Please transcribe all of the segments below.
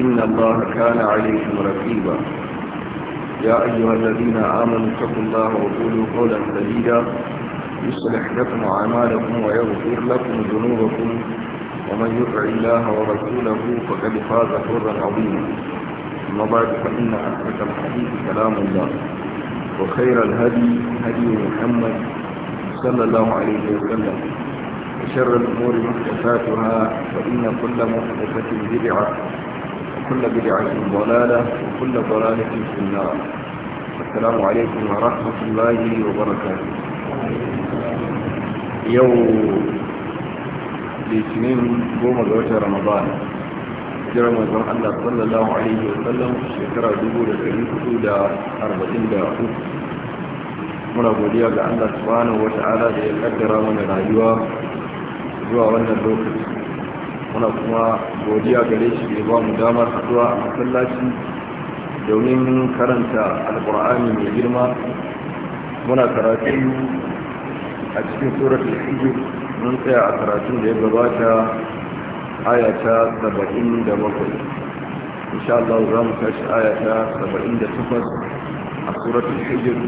إن الله كان عليكم رقيبا يا أيها الذين آمنوا اتقوا الله وقولوا قولا سديدا يصلح لكم أعمالكم ويغفر لكم ذنوبكم ومن يطع الله ورسوله فقد فاز فوزا عظيما أما بعد فإن أحسن الحديث كلام الله وخير الهدي هدي محمد صلى الله عليه وسلم وشر الأمور محدثاتها فإن كل محدثة بدعة وكل بدعة ضلالة وكل ضلالة في النار السلام عليكم ورحمة الله وبركاته يوم الاثنين قوم الوجه رمضان جرم وزن الله صلى الله عليه وسلم شكرا دبور الكريم سودة أربعين دقيقة muna godiya ga Allah subhanahu wata'ala da ya kaddara mana rayuwa zuwa wannan lokaci muna kuma godiya gare shi da ba mu damar haɗuwa a masallaci domin karanta alƙur'ani mai girma muna karatu a cikin surat al-hijr mun tsaya a karatun da ya gabata aya ta 77 insha Allah za mu tashi aya ta 78 a surat al-hijr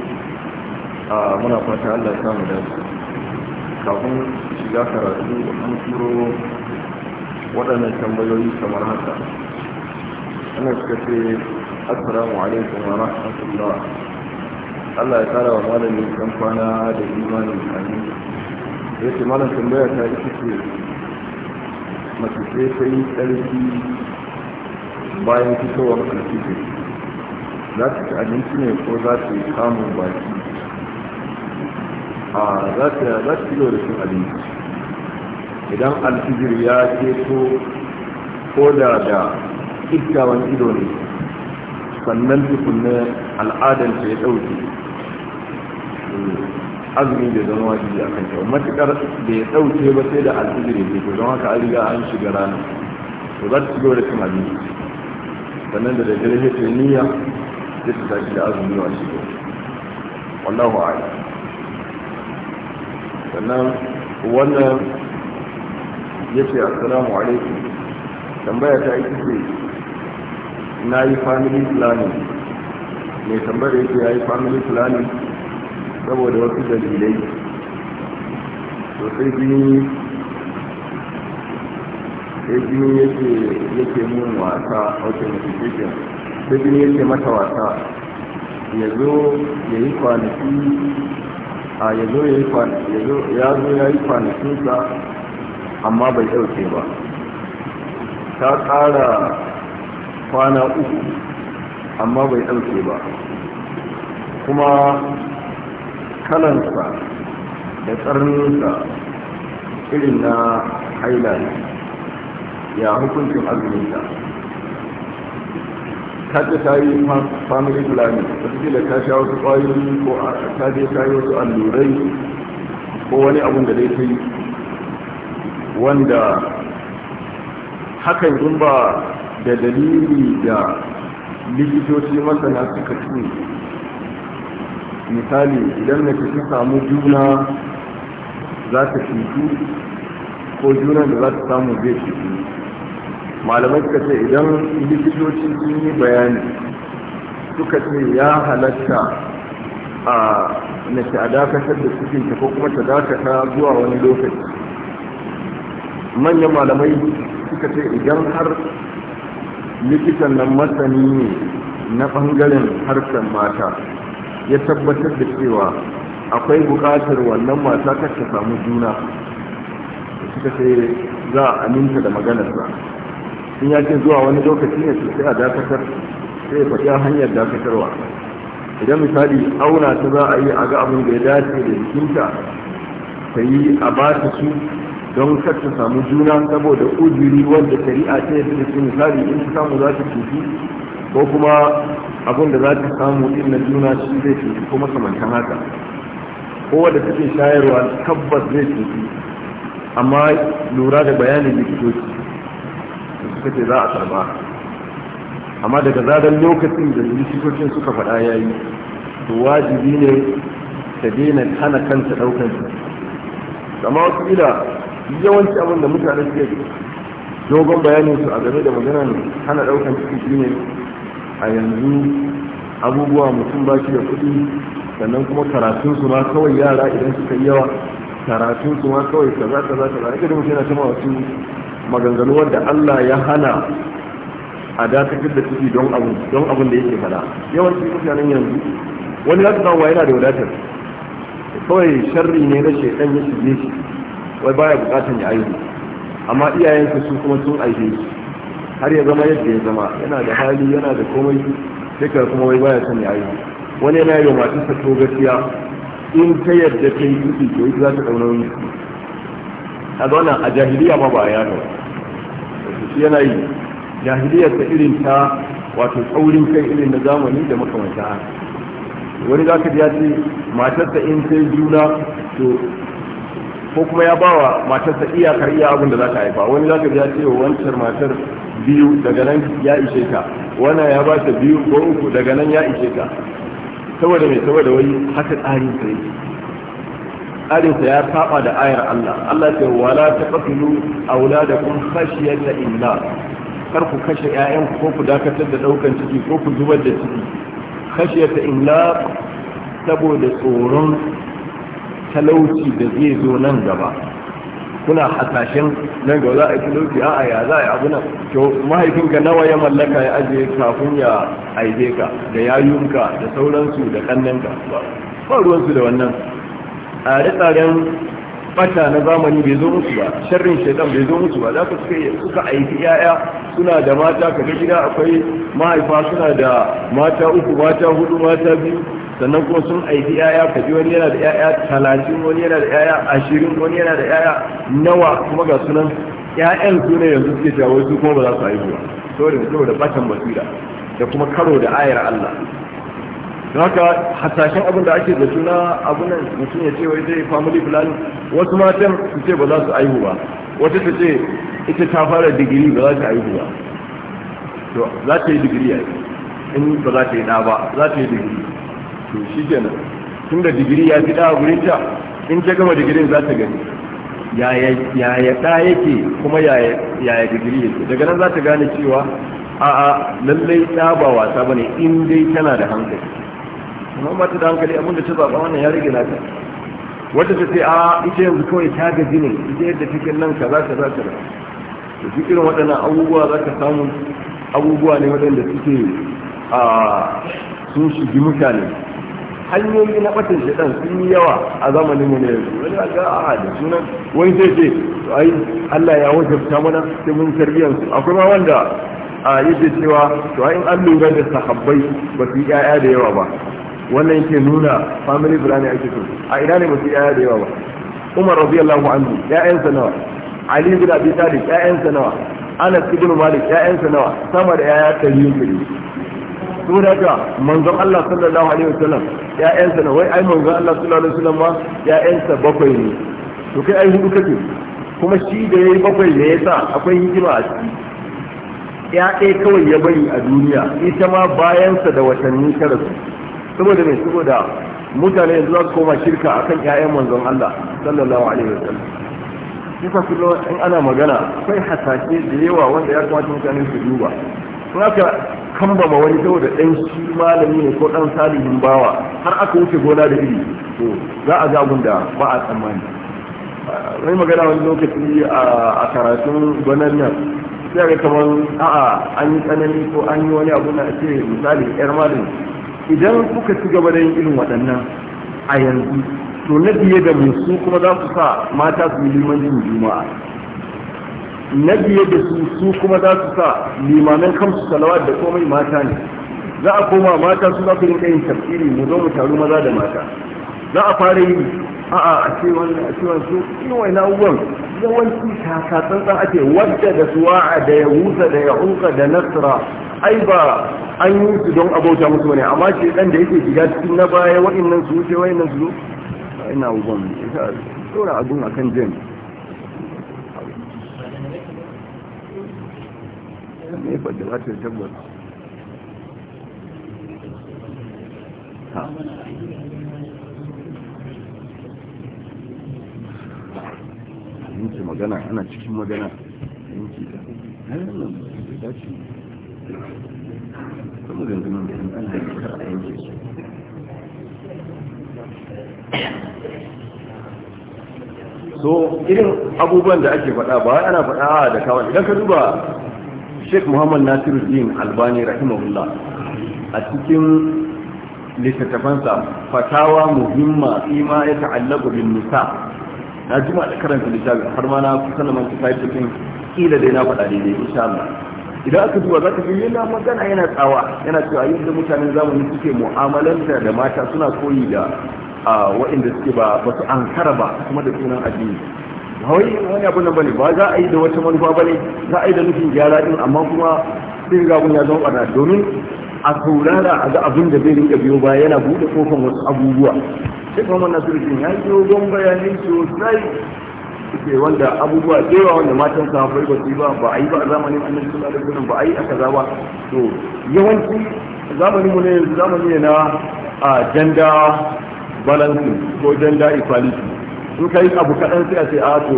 a muna fata Allah ya samu dace kafin shiga karatu an turo waɗannan tambayoyi kamar haka ana suka ce assalamu alaikum wa rahmatullah Allah ya tsara wa malamin kan kwana da imanin kanu ya ce malam tambaya ta ita ce mace ce ta yi tsarki bayan fitowar alfifin za ta ci abinci ne ko za ta yi kamun baki a za ta yi da cin abinci idan alfijir ya keto ko da da iskawan ido ne sannan tukunna al'adanta ya dauke, azumi da zama waje a kan kyau matukar da ya dauke ba sai da alfijir ya keto don haka an an shiga rana to za ta shigo da cin abinci sannan da daddare ya ce niyya zai ta tashi da azumi wa shigo wallahu a'ala sannan wannan ya ce assalamu alaikum tambaya ta ita ce na yi family planning mai tambaya ya ce ya yi family planning saboda wasu dalilai sosai jini sai jini ya ke mun wasa wata notification sai jini ya ke mata wasa ya zo ya yi kwanaki a ya zo ya yi kwanakinsa amma bai ɗauke ba ta ƙara kwana uku amma bai ɗauke ba kuma kalansa da tsarninsa irin na haila ya hukuncin azuminta ta ce ta yi family planning suke da ta sha wasu ƙwayoyi ko ta je ta yi wasu allurai ko wani abun da dai ta yi wanda hakan in ba da dalili da likitoci masana suka ce misali idan na ta samu juna za ta cutu ko juna da za ta samu zai cutu malamai suka ce idan likitoci sun yi bayani suka ce ya halatta a mace a dakatar da cikinta ko kuma ta dakata zuwa wani lokaci manyan malamai suka ce idan har likitan nan masani ne na bangaren harkar mata ya tabbatar da cewa akwai buƙatar wannan mata ta samu juna suka ce za a aminta da maganarsa in ya ce zuwa wani lokaci ne su sai a dakatar sai ya faɗi hanyar dakatarwa idan misali auna ta za a yi a ga abin da ya dace da jikinta ta yi a ba ta su don kar ta samu juna saboda ujiri wanda shari'a ta yadda da su misali in ta samu za ta cuci ko kuma abin da za ta samu din na juna shi zai cuci kuma samantan haka ko wanda take shayarwa tabbas zai cuci amma lura da bayanin likitoci suka ce za a karba amma daga zarar lokacin da likitocin suka faɗa yayi to wajibi ne ta daina hana kanta ɗaukar amma wasu ila yawanci abin da mutane suke dogon bayanin su a game da maganar hana daukan ciki shine a yanzu abubuwa mutum ba shi da kuɗi sannan kuma karatun su ma kawai yara idan suka yi yawa karatun su ma kawai kaza kaza kaza ake da mutum yana kama wasu maganganu wanda Allah ya hana a dakatar da ciki don abu don abin da yake fada yawanci mutanen yanzu wani zaka wa yana da wadatar kawai sharri ne na shekan ya shige shi wai baya bukatan ya aihu amma iyayensa su kuma sun aihe su har ya zama yadda ya zama yana da hali yana da komai sai kuma wai baya son ya aihu wani yana yi wa matarsa to gaskiya in ta yadda ta yi kuɗi to ita za ta ɗauna wani a zauna a jahiliya ma ba a yano shi yana yi ta irin ta wato tsaurin kai irin na zamani da makamanta wani za ka ji ya ce matarsa in sai juna to ko kuma ya bawa matarsa iyakar iya abin da za ta haifa wani za ka ji ya wancan matar biyu daga nan ya ishe ta wannan ya ba ta biyu ko uku daga nan ya ishe ta saboda mai saboda wai haka tsarin sa yake tsarin sa ya saba da ayar Allah Allah ce wala taqtulu auladakum khashyata illa kar ku kashe ƴaƴan ko ku dakatar da daukan ciki ko ku zubar da ciki khashyata illa saboda tsoron talauci da zai zo nan gaba kuna hasashen nan gaba za a yi talauci a ya za a yi abu nan to mahaifinka nawa ya mallaka ya ajiye kafin ya aibe ka da yayunka da sauransu da kannanka ba ruwansu da wannan tsare-tsaren bata na zamani bai zo musu ba sharrin shaidan bai zo musu ba za ku suka suka aiki yaya suna da mata kaga gida akwai mahaifa suna da mata uku mata hudu mata biyu sannan kuma sun aiki yaya kaji wani yana da yaya talatin wani yana da yaya ashirin wani yana da yaya nawa kuma ga sunan yayan su ne yanzu suke jawo su kuma ba za su haihu ba saboda da batan basira da kuma karo da ayar Allah don haka hasashen abin da ake da suna abin nan mutum ya ce wai zai family planning wasu matan su ce ba za su haihu ba wata ta ce ita ta fara digiri ba za ta haihu ba to za ta yi digiri a in ba za ta yi na ba za ta yi digiri to shi kenan da digiri ya fi ɗaya gurin ta in ta gama digirin za ta gani yaya ɗa yake kuma yaya digiri yake daga nan za ta gane cewa a'a lallai ɗa ba wasa ba ne in dai tana da hankali amma ba ta da hankali abin da ta zaɓa wannan ya rage lafiya wata ta ce a ita yanzu kawai ta gaji ne ita yadda take nan za ta, kaza to duk irin waɗannan abubuwa za ka samu abubuwa ne waɗanda suke a sun shigi mutane hanyoyi na batin shaitan sun yi yawa a zamanin mu ne yanzu wani ga a da sunan wani sai ce ai Allah ya wuce wajabta mana sai mun tarbiyyar su akwai ma wanda a yake cewa to ai an lura da sahabbai ba su yi ƴaƴa da yawa ba wannan yake nuna family planning ake so a ina ne ba su yi ƴaƴa da yawa ba Umar radiyallahu anhu ƴaƴansa nawa Ali bin Abi Talib ƴaƴansa nawa Anas ibn Malik ƴaƴansa nawa sama da ƴaƴa 100 da ka manzon Allah sallallahu alaihi wa ya ƴaƴansa na wai ai manzon Allah sallallahu alaihi sallam ma ƴaƴansa bakwai ne to kai ai hudu kake kuma shi da yayi bakwai ne yasa akwai hikima a ciki ya ɗaya kawai ya bari a duniya ita ma bayansa da watanni tara su saboda mai saboda mutane yanzu za su koma shirka akan ƴaƴan manzon Allah sallallahu alaihi wa sallam yasa kullum in ana magana akwai hasashe da yawa wanda ya kamata mutane su duba in aka kambama wani saboda ɗan shi malami ne ko ɗan salihin bawa har aka wuce gona da iri to za a zagun da ba a tsammani Wani magana wani lokaci a karatun gwanar nan sai ga kamar a'a an yi tsanani ko an yi wani abu na ce misali yar malami idan kuka ci gaba da yin irin waɗannan a yanzu to na biye da mu su kuma za su sa mata su yi limanci juma'a na biye da su su kuma za su sa limanan kamsu salawa da komai mata ne za a koma mata su za su rinka yin tafsiri mu zo mu taru maza da mata za a fara yi a a a ce wannan a ce wannan su wai na uwan yawanci kaka tsantsan ake wadda da suwa'a da ya wusa da ya hunka da nasra ai ba an yi su don abauta musu ne, amma ce dan da yake shiga cikin na baya wa'annan su wuce wa'annan su ina uwan ita tsora abun akan jami'a ne ba da latin tabbas yanki magana ana cikin magana yanki da hannun da ce kuma gangamin da an haifar a yanki su so irin abubuwan da ake faɗa ba ana faɗa da kawai idan ka duba sheikh muhammad nasiruddin albani rahimahullah a cikin littattafansa fatawa muhimma ima ya ta'allaka bin nisa na jima da karanta littafi, har ma na kusan da manta sai cikin kila dai na faɗa daidai insha Allah idan aka duba zaka ji yana magana yana tsawa yana cewa yadda mutanen zamani suke mu'amalanta da mata suna koyi da ah, wa'inda suke ba ba su ankara ba kuma da sunan addini ba wai wani abu nan bane ba za a yi da wata manufa bane za a yi da nufin gyara din amma kuma sai ga ya zama barna domin a saurara a ga abin da bai rinka biyo ba yana bude kofan wasu abubuwa sai kuma wannan ya yi dogon bayanai sosai suke wanda abubuwa tsewa wanda matan sa bai ba ba a yi ba a zamanin annabi sallallahu alaihi wasallam ba a yi a kaza ba to yawanci zamanin mu ne zamani ne na a ah, janda balance ko Janda equality in ka yi abu kaɗan sai a ce a to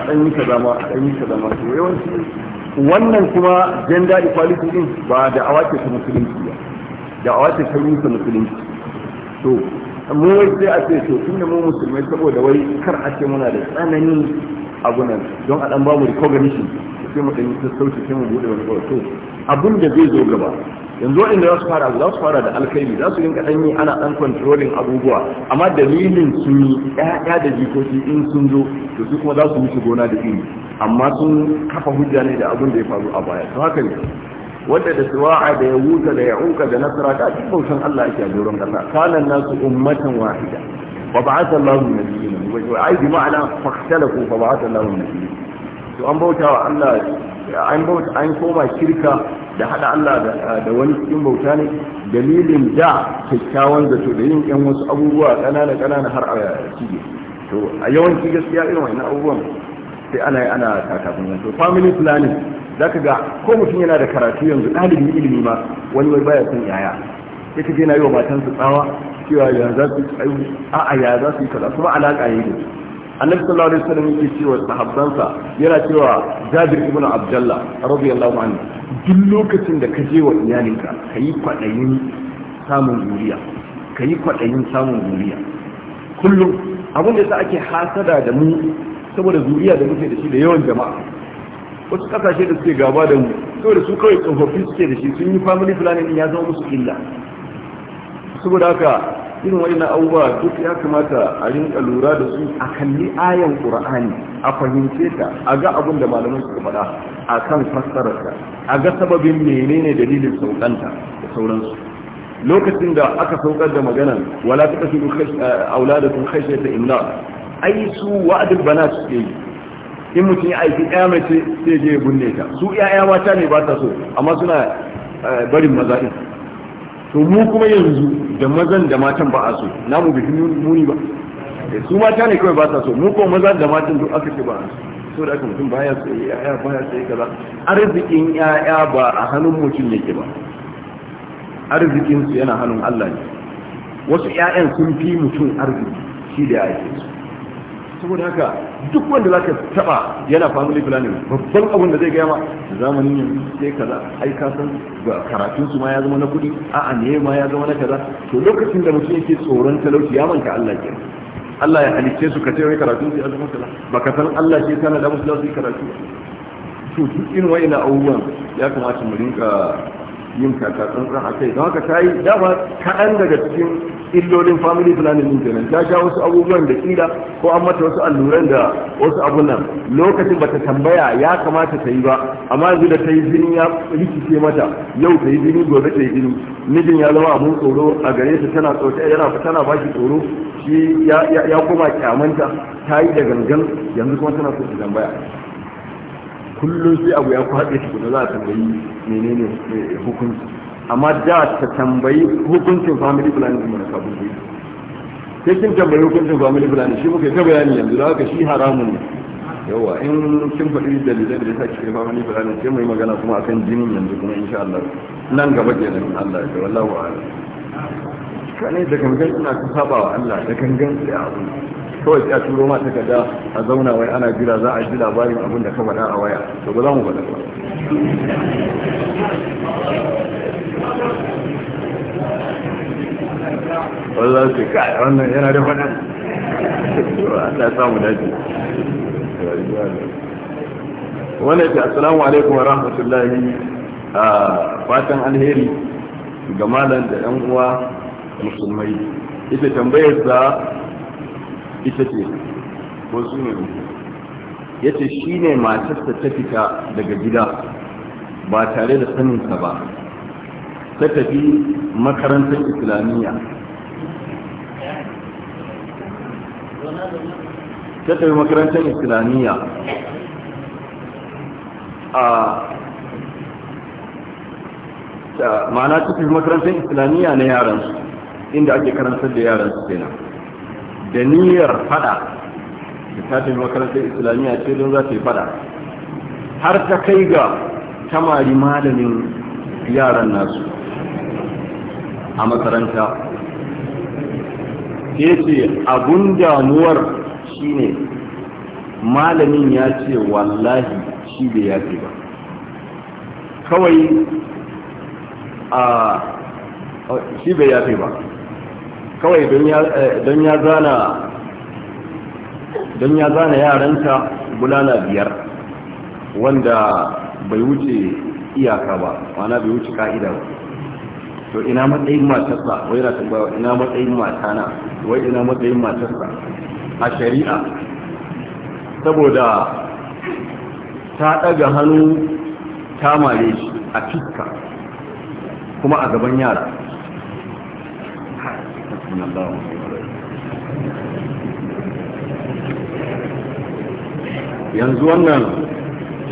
a ɗan yi kaza a ɗan yi kaza ma to yawanci wannan kuma gender equality din ba da awace ta musulunci ba da awace ta rusa musulunci to mu wai sai a ce to tunda mu musulmai saboda wai kar a ce muna da tsanani abu nan don a ɗan ba mu recognition sai mu ɗan yi sassauci sai mu buɗe wani kawai to abin da zai zo gaba yanzu da za su fara za su fara da alkhairi za su rinka ɗanyi ana ɗan controlling abubuwa amma dalilin sun yi ɗaya da jikoki in sun zo to su kuma za su wuce gona da iri amma sun kafa hujja ne da abin da ya faru a baya to haka ne wanda da suwa'a da ya wuta da ya unka da nasara da duk bautan Allah ake a doron ƙasa kanan nasu ummatan wahida wa ba'atha Allahu nabiyyin wa ai bi ma'ana fa ikhtalafu fa ba'atha Allahu nabiyyin to an bautawa Allah an bauta an koma kirka da hada Allah da wani cikin bauta ne dalilin da kyakkyawan zato da yin yan wasu abubuwa kanana kanana har a cige to a yawanci gaskiya irin wani abubuwan sai ana yi ana kakafin yanzu family planning ka ga ko mutum yana da karatu yanzu ɗalibin ilimi ma wani wai baya son yaya sai je na yi wa matansa tsawa cewa ya za su yi a'a ya za yi kaza kuma alaƙa yi da su annabi sallallahu alaihi wasallam yake cewa sahabbansa yana cewa Jabir ibn Abdullah radiyallahu anhu duk lokacin da ka je wa iyalinka kayi kwadayin samun duniya kayi kwadayin samun duniya kullum abin da ake hasada da mu saboda zuriya da muke da shi da yawan jama'a wasu kasashe da suke gaba da mu saboda su kawai tsofaffi suke da shi sun yi family planning ya zama musu illa saboda haka irin na abubuwa duk ya kamata a rinka lura da su a kalli ayan ƙur'ani, a fahimce ta a ga abin da malaman suka faɗa a kan fassararta a ga sababin menene dalilin saukanta da sauransu lokacin da aka saukar da magana wala ta sun eh, auladakum khashyata imla ai su bana su ke yi in mutum ya aiki ɗaya mace sai je ya binne ta su ƴaƴa mata ne ba ta so amma suna eh, barin maza'in to mu kuma yanzu da mazan da matan ba a so namu bi muni ba eh, su mata ne kawai ba sa so mu kuma mazan da matan duk aka ce ba a so da aka mutum baya sai ya baya sai kaza arzikin yaya ba a hannun mutum yake ba arzikin su yana hannun Allah ne wasu ƴaƴan sun fi mutum arziki shi da yake su saboda haka duk wanda zaka taba yana family planning babban abin da zai gaya ma zamanin yin sai kaza ai ka san karatun su ma ya zama na kudi a'a ne ma ya zama na kaza to lokacin da mutum yake tsoron talauci ya manta Allah ke Allah ya halicce su ka ce wai karatun su ya zama kaza baka san Allah ke sana da musu su karatu to duk irin wa'ina abubuwan ya kamata mu rinka yin kaka tsantsan a kai don haka ta yi dama kaɗan daga cikin illolin family planning din kenan ta sha wasu abubuwan da kila ko an mata wasu alluran da wasu abun nan lokacin bata tambaya ya kamata ta yi ba amma yanzu da ta yi jini ya rikice mata yau ta yi jini gobe ta yi jini mijin ya zama abun tsoro a gare ta tana tsoro yana tana ba shi tsoro shi ya koma kyamanta ta yi da gangan yanzu kuma tana so ta tambaya kullum sai abu ya shi guda za a tambayi menene eh, hukunci amma da ta tambayi hukuncin family planning kuma na sabon kuɗi sai kin tambayi hukuncin family planning shi muke ta bayani yanzu da haka shi haramun ne yawa in kin faɗi dalilai da sai kin family planning sai mai yi magana kuma akan jinin yanzu kuma insha Allah nan gaba kenan Allah ya wallahu a'lam kane da gangan ina ta saba wa Allah da gangan sai abu kawai sai a turo ma takarda a zauna wai ana jira za a ji labarin abin da ka faɗa a waya to ba za mu faɗa ba wallah su kai wannan yana da faɗa Allah samu dace wannan ce assalamu alaikum wa rahmatullahi a fatan alheri ga malam da yan uwa musulmai ita tambayar sa ita ce ko su ne ya ce shi ne matarsa ta fita daga gida ba tare da saninsa ba ta tafi makarantar islamiyya ta tafi makarantar islamiyya a ma'ana ta tafi makarantar islamiyya na yaransu inda ake karantar da yaransu kenan da niyyar fada da ta makarantar islamiyya ce don za ta yi fada har ta kai ga tamari malamin yaran nasu a makaranta ke ce abun damuwar shine malamin ya ce wallahi shi ya ba kawai a shi bai yafe ba kawai don ya eh, zana yaranta bulala biyar wanda bai wuce iyaka ba mana bai wuce ka'ida ba to ina matsayin matarsa wai na tambaya ina matsayin matana wai ina matsayin matarsa a shari'a saboda ta ɗaga hannu ta male shi a fiska kuma a gaban yara yanzu wannan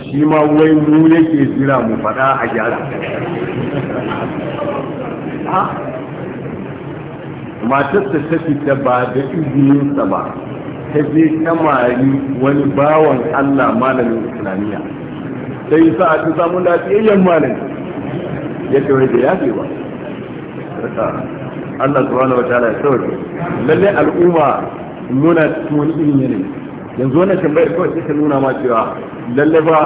shi ma wai mu yake jira mu faɗa a gyara matar ta ta fita ba da izininsa ba ta je kamari wani bawan Allah malamin islamiyya sai sa a ta samun lafiyayyen malamin, ya ce wai da yafe ba Allah subhanahu wataala ya sauke lalle al'umma nuna cikin wani irin yanayi yanzu wannan tambayar kawai sai nuna ma cewa lalle ba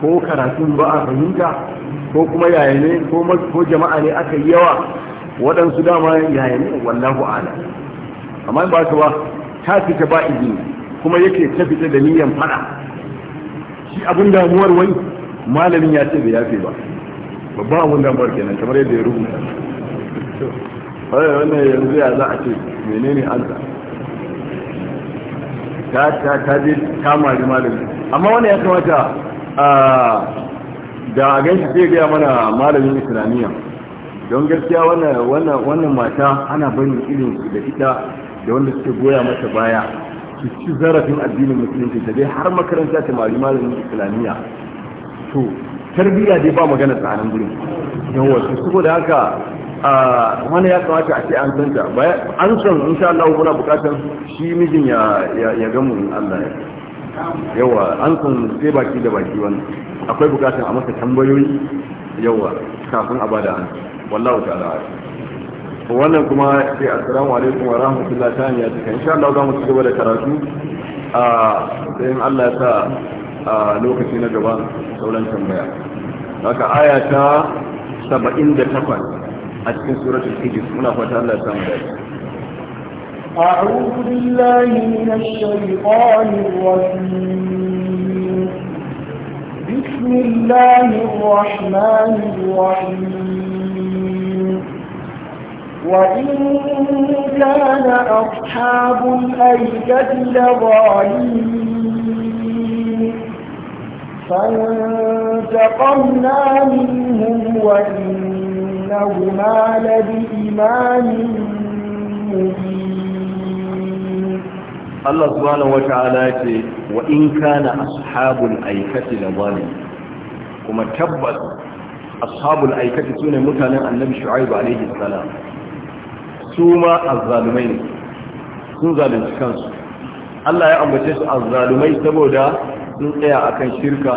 ko karatun ba a fahimta ko kuma yaya ne ko jama'a ne aka yi yawa waɗansu dama yaya ne wallahu ala amma ba ka ba ta fita ba izini kuma yake ta fita da niyyar fada shi abin damuwar wai malamin ya ce bai yafe ba babban abin damuwar kenan kamar yadda ya rubuta wadda wannan yanzu ya za a ce menene allah ta ta je kama malami amma wani ya kamata da a ganshi zai gaya mana malamin islamiyya don gaskiya wannan mata ana bani irin da ita da wanda suke goya mata baya su ci zarafin addinin musulunci da dai har makaranta ta mari malamin islamiyya to tarbiyya dai ba magana tsakanin gurin yawon su saboda haka wani ya kamata a ce an santa an san insha Allah muna bukatar shi mijin ya ya gamu Allah ya yawa an san sai baki da baki wani, akwai bukatar a masa tambayoyi yawa kafin a bada an wallahu ta'ala wannan kuma sai assalamu alaikum wa rahmatullahi ta ya tuka insha Allah za mu ci gaba da karatu a sai in Allah ya sa a lokaci na gaba sauran tambaya haka aya ta 78 a cikin suratul hijr muna fata Allah ya samu dace أعوذ بالله من الشيطان الرجيم بسم الله الرحمن الرحيم وإن كان أصحاب الأيكة لظالمين فانتقمنا منهم وإن وإنهما لبإمام مبين الله سبحانه وتعالى وإن كان أصحاب الأيكة لظالم كما تبت أصحاب الأيكة سنة متانا النبي شعيب عليه السلام سوما الظالمين sun zalunci kansu Allah ya ambace su azzalumai saboda sun tsaya akan shirka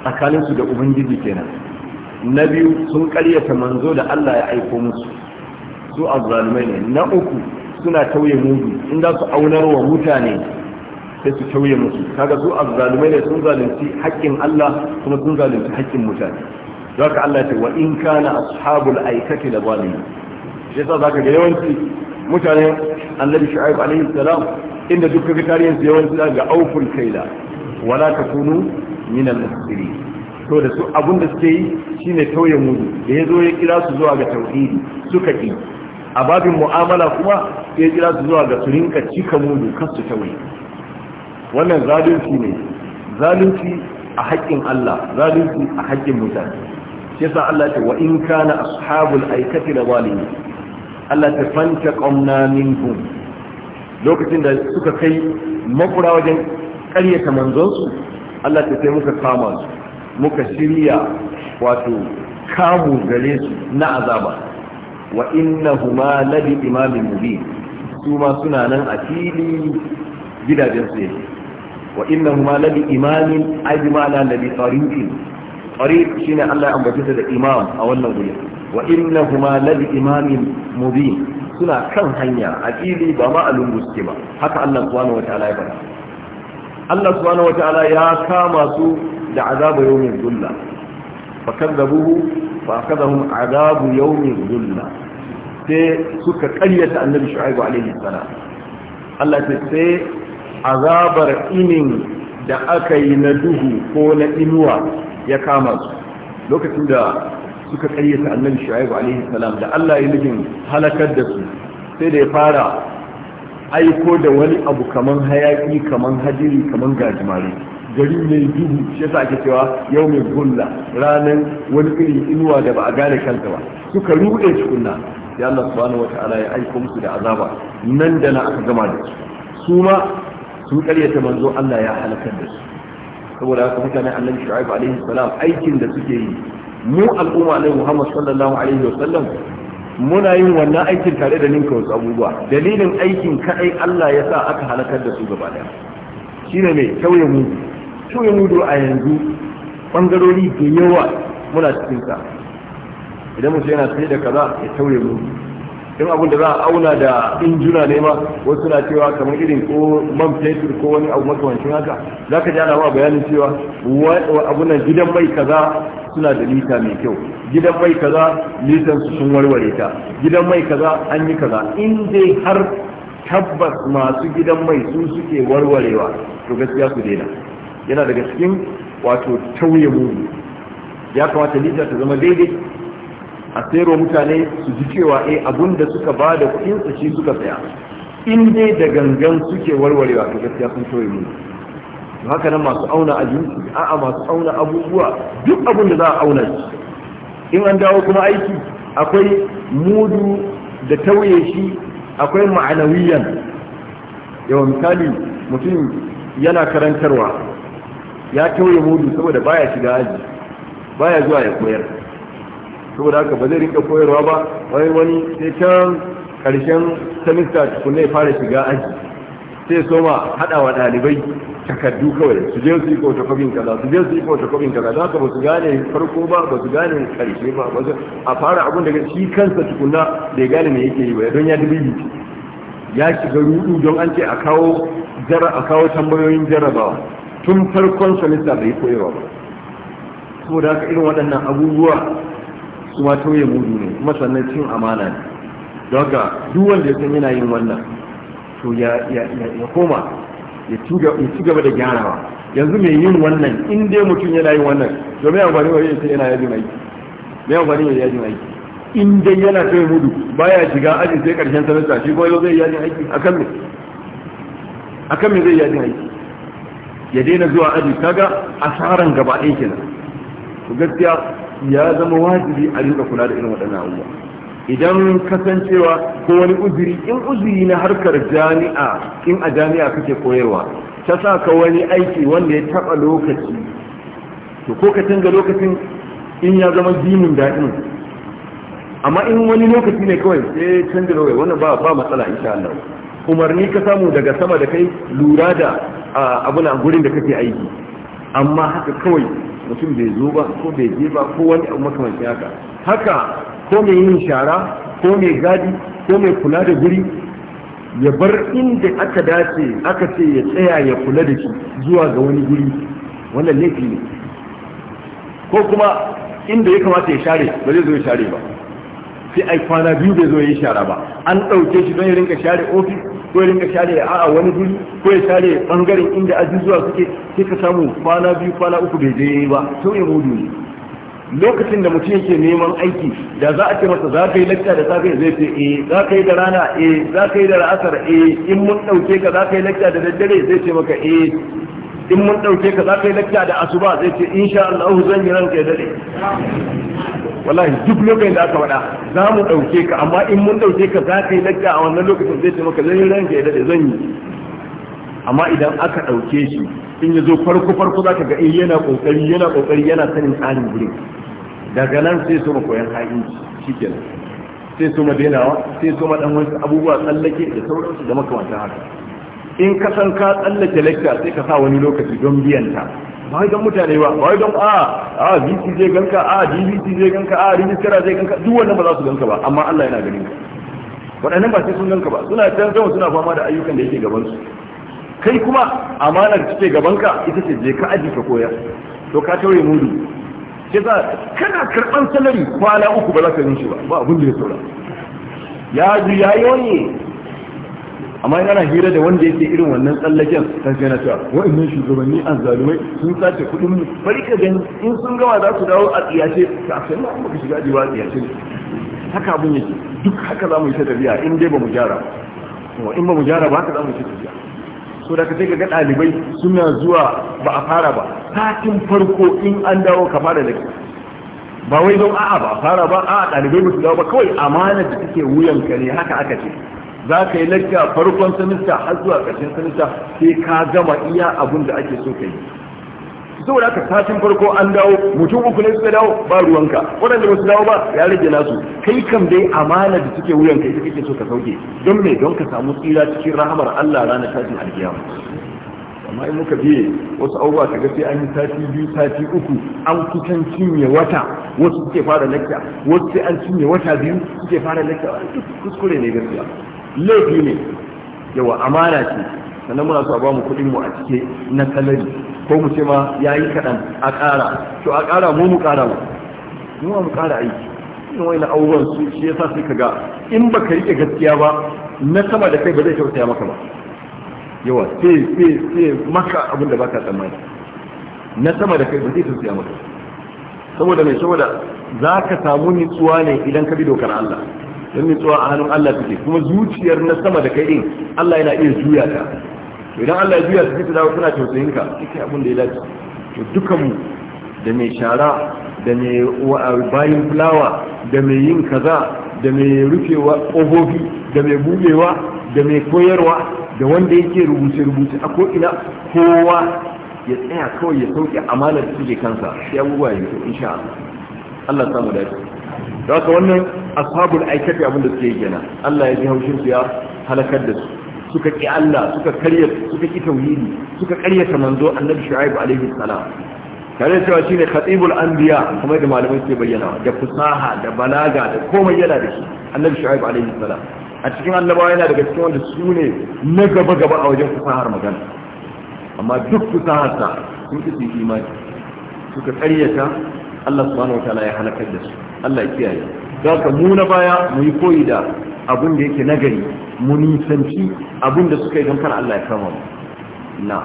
tsakaninsu da ubangiji kenan na biyu sun karyata manzo da Allah ya aiko musu su azzalumai ne na uku suna tauye mudu in za su aunar wa mutane sai su tauye musu kaga su azzalumai ne sun zalunci haƙƙin Allah kuma sun zalunci haƙƙin mutane zaka Allah ce wa in kana ashabul aikati da zalimi shi yasa zaka ga yawanci mutane annabi shu'aib alaihi salam inda duk kaga tarihin su yawanci ga auful kaila wala takunu min al-mufsirin to da su abun da suke yi shi ne tauye mudu da ya zo ya kira su zuwa ga tauhidi suka ki a babin mu'amala kuma ya kira su zuwa ga su rinka cika mudu kasu su tauye wannan zalunci ne zalunci a haƙƙin Allah zalunci a haƙƙin mutane shi yasa Allah ta wa in kana ashabul aikati la zalimi Allah ta fanta qamna minhum lokacin da suka kai makura wajen ƙaryata manzon su Allah ta sai muka kama su muka shirya wato kamu gare su na azaba wa huma labi imamin mubin su ma suna nan a fili gidajen su yake wa innahuma labi imamin ajmana labi tariqin shi ne Allah ya ambace da imam a wannan guri wa huma labi imamin mubin suna kan hanya a fili ba ma a lungu suke ba haka Allah subhanahu wataala ya faɗa Allah subhanahu wataala ya kama su da azabu yawmin dulla. fa kadzabuhu fa akadahum azabu yawmin dulla. sai suka karyata annabi shu'aibu alaihi salam Allah ta ce azabar inin da aka yi na duhu ko na inuwa ya kama su lokacin da suka karyata annabi shu'aibu alaihi salam da Allah ya nufin halakar da su sai da ya fara aiko da wani abu kaman hayaki kaman hadiri kaman gajimare gari mai duhu shi yasa ake cewa yau mai gulla ranar wani iri inuwa da ba a gane kanta ba suka rude tukunna sai Allah subhanahu wataala ya aiko musu da azaba nan da na aka gama da su su ma sun karyata manzo Allah ya halakar da su saboda haka mutanen annabi shu'aib alaihi salam aikin da suke yi mu al'umma alaihi muhammad sallallahu alaihi wa sallam muna yin wannan aikin tare da ninka wasu abubuwa dalilin aikin kaɗai Allah ya sa aka halakar da su gaba daya shine ne tauye mu ya nudu a yanzu bangarori da yawa muna cikin sa idan mutum yana sai da kaza ya tauye mu in abin da za a auna da injuna ne ma wasu na cewa kamar irin ko man fetur ko wani abu makamancin haka za ka ji ana ma bayanin cewa nan, gidan mai kaza suna da lita mai kyau gidan mai kaza litan su sun warware ta gidan mai kaza an yi kaza in dai har tabbas masu gidan mai su suke warwarewa to gaskiya su daina yana daga cikin wato tauye mu ya kamata lita ta zama daidai a tsero mutane su ji cewa a eh, abun da suka ba da kuɗin suka saya in dai da gangan suke warwarewa to gaskiya sun tauye mu haka nan masu auna ajinsu a'a masu auna abubuwa duk abun da za a auna shi in an dawo kuma aiki akwai mudu da tauye shi akwai ma'anawiyan yawan misali mutum yana karantarwa ya tauye mudu saboda baya shiga aji baya zuwa ya koyar saboda haka ba zai rinka koyarwa ba wani wani sai can karshen semester tukun ya fara shiga aji sai soma haɗawa ɗalibai takardu kawai su je su yi kota kwabin kaza su je su yi kota kwabin kaza za ka ba su gane farko ba ba su gane karshe ba ba a fara abin daga shi kansa tukunna da ya gane me yake yi ba don ya dubi ya shiga rudu don an ce a kawo a kawo tambayoyin jarrabawa tun farkon da bai koyarwa ba saboda haka irin waɗannan abubuwa su ma tauye mudu ne kuma sannan cin amana ne don haka duk wanda ya san yana yin wannan to ya koma ya ci gaba da gyarawa yanzu mai yin wannan in dai mutum yana yin wannan to mai amfani wa sai yana yajin aiki mai amfani wa yajin aiki in dai yana tauye mudu baya shiga aji sai karshen sanarwa shi kuma zai yajin aiki akan me akan me zai yajin aiki ya daina zuwa aji kaga asaran gaba ɗaya kina to gaskiya ya zama wajibi a rinka kula da irin waɗannan abubuwa idan kasancewa ko wani uzuri in uzuri na harkar jami'a in a jami'a kake koyarwa ta sa ka wani aiki wanda ya taɓa lokaci to ko ka canza lokacin in ya zama jimin daɗin amma in wani lokaci ne kawai sai canza lokaci wannan ba ba matsala insha Allah umarni ka samu daga sama da kai lura da abuna gurin da kake aiki amma haka kawai mutum bai zo ba ko bai je ba ko wani abu makamancin haka haka ko mai yin shara ko mai gadi ko mai kula da guri ya bar inda aka dace aka ce ya tsaya ya kula da shi zuwa ga wani guri wannan laifi ne ko kuma inda ya kamata ya share ba zai zo ya share ba sai a kwana biyu bai zo ya yi shara ba an ɗauke shi don ya rinka share ofis ko ya rinka share a wani guri ko ya share bangaren inda azizuwa suke sai ka samu kwana biyu kwana uku bai je ba sauya mudu ne lokacin da mutum yake neman aiki da za a ce masa za ka yi lakta da safe zai ce eh za ka yi da rana eh za ka yi da ra'asar eh in mun ɗauke ka za ka yi lakta da daddare zai ce maka eh in mun ɗauke ka za ka yi lakta da asuba zai ce insha Allah zan yi ranka ya dade wallahi duk lokacin da aka faɗa za mu ɗauke ka amma in mun ɗauke ka za ka yi lakka a wannan lokacin zai taimaka zai ranka ya daɗe zan yi amma idan aka ɗauke shi in ya zo farko farko za ka ga in eh, yana ƙoƙari yana ƙoƙari yana sanin tsarin gurin daga nan sai su koyan ha'in shi kenan sai su dainawa sai su ɗan wasu abubuwa tsallake da sauransu da makamantan haka in ka san ka tsallake lakka sai ka sa wani lokaci don biyan ta ba don mutane ba ba don a a bc zai ganka a DVC zai ganka a rijistar zai ganka duk wannan ba za su ganka ba amma Allah yana ganin ka waɗannan ba sai sun ganka ba suna can zama suna fama da ayyukan da yake gaban su kai kuma amanar cike gaban ka ita ce je ka aji ka koya to ka tauye mudu sai za kana karɓan salari kwana uku ba za ka yin shi ba ba abin da ya saura ya ji ya yoye amma in ana hira da wanda yake irin wannan tsallaken kan sai na cewa wa'annan shugabanni an zalumai sun sace kuɗin mu bari ka gani in sun gama za su dawo a tsiyace a sanya kuma ka shiga jiwa a tsiyace haka abin yake duk haka za mu yi ta tafiya in dai ba mu gyara ba in ba mu gyara ba haka za mu yi ta tafiya so da ka sai ga ɗalibai suna zuwa ba a fara ba satin farko in an dawo ka fara da ba wai don a'a ba fara ba a'a ɗalibai ba su dawo ba kawai amana da take ka ne haka aka ce za ka yi lakka farkon sanista, har zuwa ƙarshen sanista, sai ka gama iya abin da ake so ka yi saboda haka satin farko an dawo mutum uku ne suka dawo ba ruwanka waɗanda ba su dawo ba ya rage nasu kai kam dai amana da suke wuyan kai suke so ka sauke don me don ka samu tsira cikin rahamar Allah ranar tashin alkiyama amma in muka biye wasu abubuwa ka ga sai an yi sati biyu sati uku an kusan cinye wata wasu suke fara lakta wasu sai an cinye wata biyu suke fara lakta duk kuskure ne gaskiya laifi ne yawa amana ce sannan muna so a ba mu kuɗin mu a cike na kalari ko mu ce ma ya yi kaɗan a ƙara to a ƙara mu mu ƙara mu mu mu ƙara aiki irin wani auren su shi ya sa sai ka ga in ba ka riƙe gaskiya ba na sama da kai ba zai tausaya maka ba yawa sai sai sai maka abin da baka tsammani na sama da kai ba zai tausaya maka saboda mai saboda za ka samu nutsuwa ne idan ka bi dokar Allah don nutsuwa a hannun Allah take kuma zuciyar na sama da kai din Allah yana iya juya ta idan Allah ya juya ta ta dawo tana tausayin ka kike abin da ya dace to dukan mu da mai shara da mai bayin fulawa da mai yin kaza da mai rufewa ƙofofi da mai buɗewa da mai koyarwa da wanda yake rubuce-rubuce a ko ina kowa ya tsaya kawai ya sauke amanar da suke kansa sai abubuwa ya yi to insha Allah Allah samu dace da wannan ashabul aikata abin da suke gina. Allah ya ji haushin su ya halakar da su suka ki Allah suka karya suka ki tauhidi suka karyata manzo annabi shu'aib alaihi salam kare cewa shine khatibul anbiya kuma da malamai suke bayyana da fusaha da balaga da komai yana da shi annabi shu'aib alaihi salam a cikin annabawa yana daga cikin wanda su ne na gaba gaba a wajen fusahar magana amma duk fusaharsa sun ki imani suka karyata Allah subhanahu ya halakar da su Allah ya kiyaye za ka mu na baya mu yi koyi da abin da yake nagari mu nisanci abin da suka yi don kar Allah ya kama mu na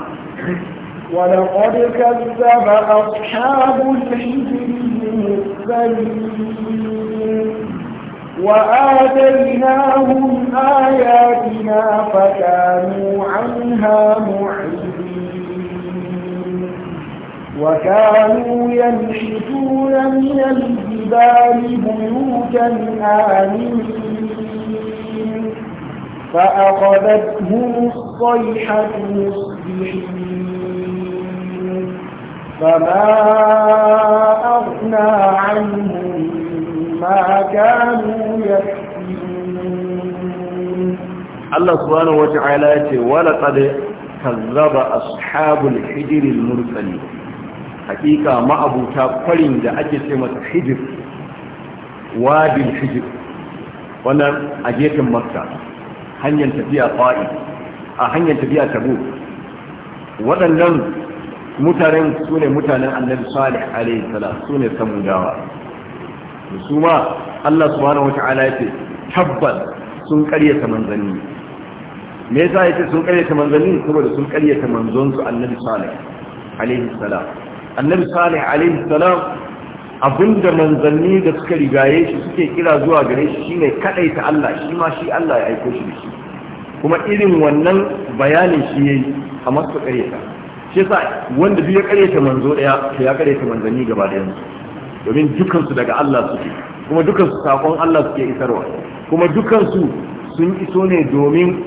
ولقد كذب أصحاب الحجر المرسلين وآتيناهم آياتنا فكانوا عنها معرضين وكانوا ينحتون من الجبال الجبال بيوتا آمنين فأخذتهم الصيحة مصبحين فما أغنى عنهم ما كانوا يكسبون الله سبحانه وتعالى ولقد كذب أصحاب الحجر المرسلين hakika ma'abuta أبو تاب ake ce mata hijir wadin hijir wannan a gefen makka hanyar tafiya fa'i a hanyar tafiya tabu waɗannan mutanen su ne mutanen annabi salih alaihi salam su ne samun samudawa su ma Allah subhanahu wata'ala ya ce tabbas sun karyata manzanni me yasa ce sun karyata manzanni saboda sun karyata manzon su annabi salih alaihi salam annabi salih alaihi salam abinda manzanni da suka rigaye shi suke kira zuwa gare shi shine kadai ta Allah shi ma shi Allah ya aiko shi da shi kuma irin wannan bayanin shi ya yi, a masu karyata shi yasa wanda duk ya karyata manzo daya to ya karyata manzanni gaba da yanzu domin dukansu daga Allah suke kuma dukansu sakon Allah suke isarwa kuma dukansu sun iso ne domin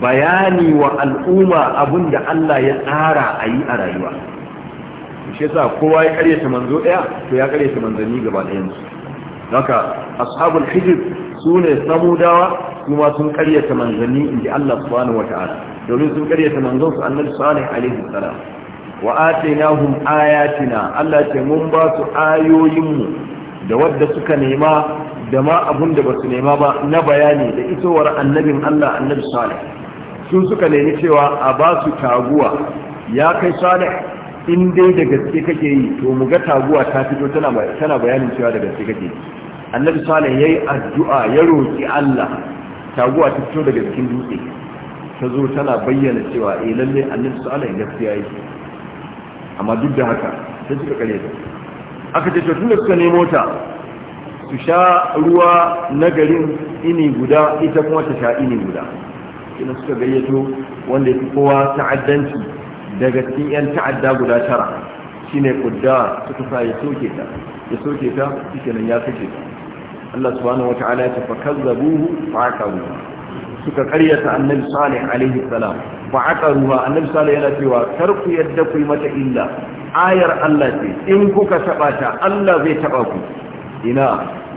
bayani wa al'umma abin da Allah ya tsara a yi a rayuwa shi yasa kowa ya karyata manzo daya to ya karyata manzanni gaba ɗayan su haka ashabul hijr su ne samudawa kuma sun karyata manzanni inda Allah subhanahu wata'ala domin sun karyata manzon su annabi salih alaihi salam wa atainahum ayatina Allah ce mun ba su ayoyin mu da wadda suka nema da ma abun da basu nema ba na bayani da isowar annabin Allah annabi salih su suka nemi cewa a ba su taguwa ya kai salih in dai da gaske kake yi to mu ga taguwa ta fito tana bayanin cewa da gaske kake yi annabi salih yayi addu'a ya roki Allah taguwa ta fito daga cikin dutse ta zo tana bayyana cewa eh lalle annabi salih gaskiya yi. amma duk da haka sai suka kare ta aka ce to tun da suka nemo ta su sha ruwa na garin ini guda ita kuma ta sha ini guda kina suka gayyato wanda ya fi kowa ta'addanci daga cikin 'yan ta'adda guda tara shine kudda suka sa ya soke ta ya soke ta shikenan ya soke ta Allah subhanahu wata'ala ya ce fa kazzabuhu fa aqaru suka karyata annabi salih alaihi salam fa aqaruha annabi salih yana cewa kar ku yadda ku yi mata illa ayar Allah ce in kuka taba ta Allah zai taba ku ina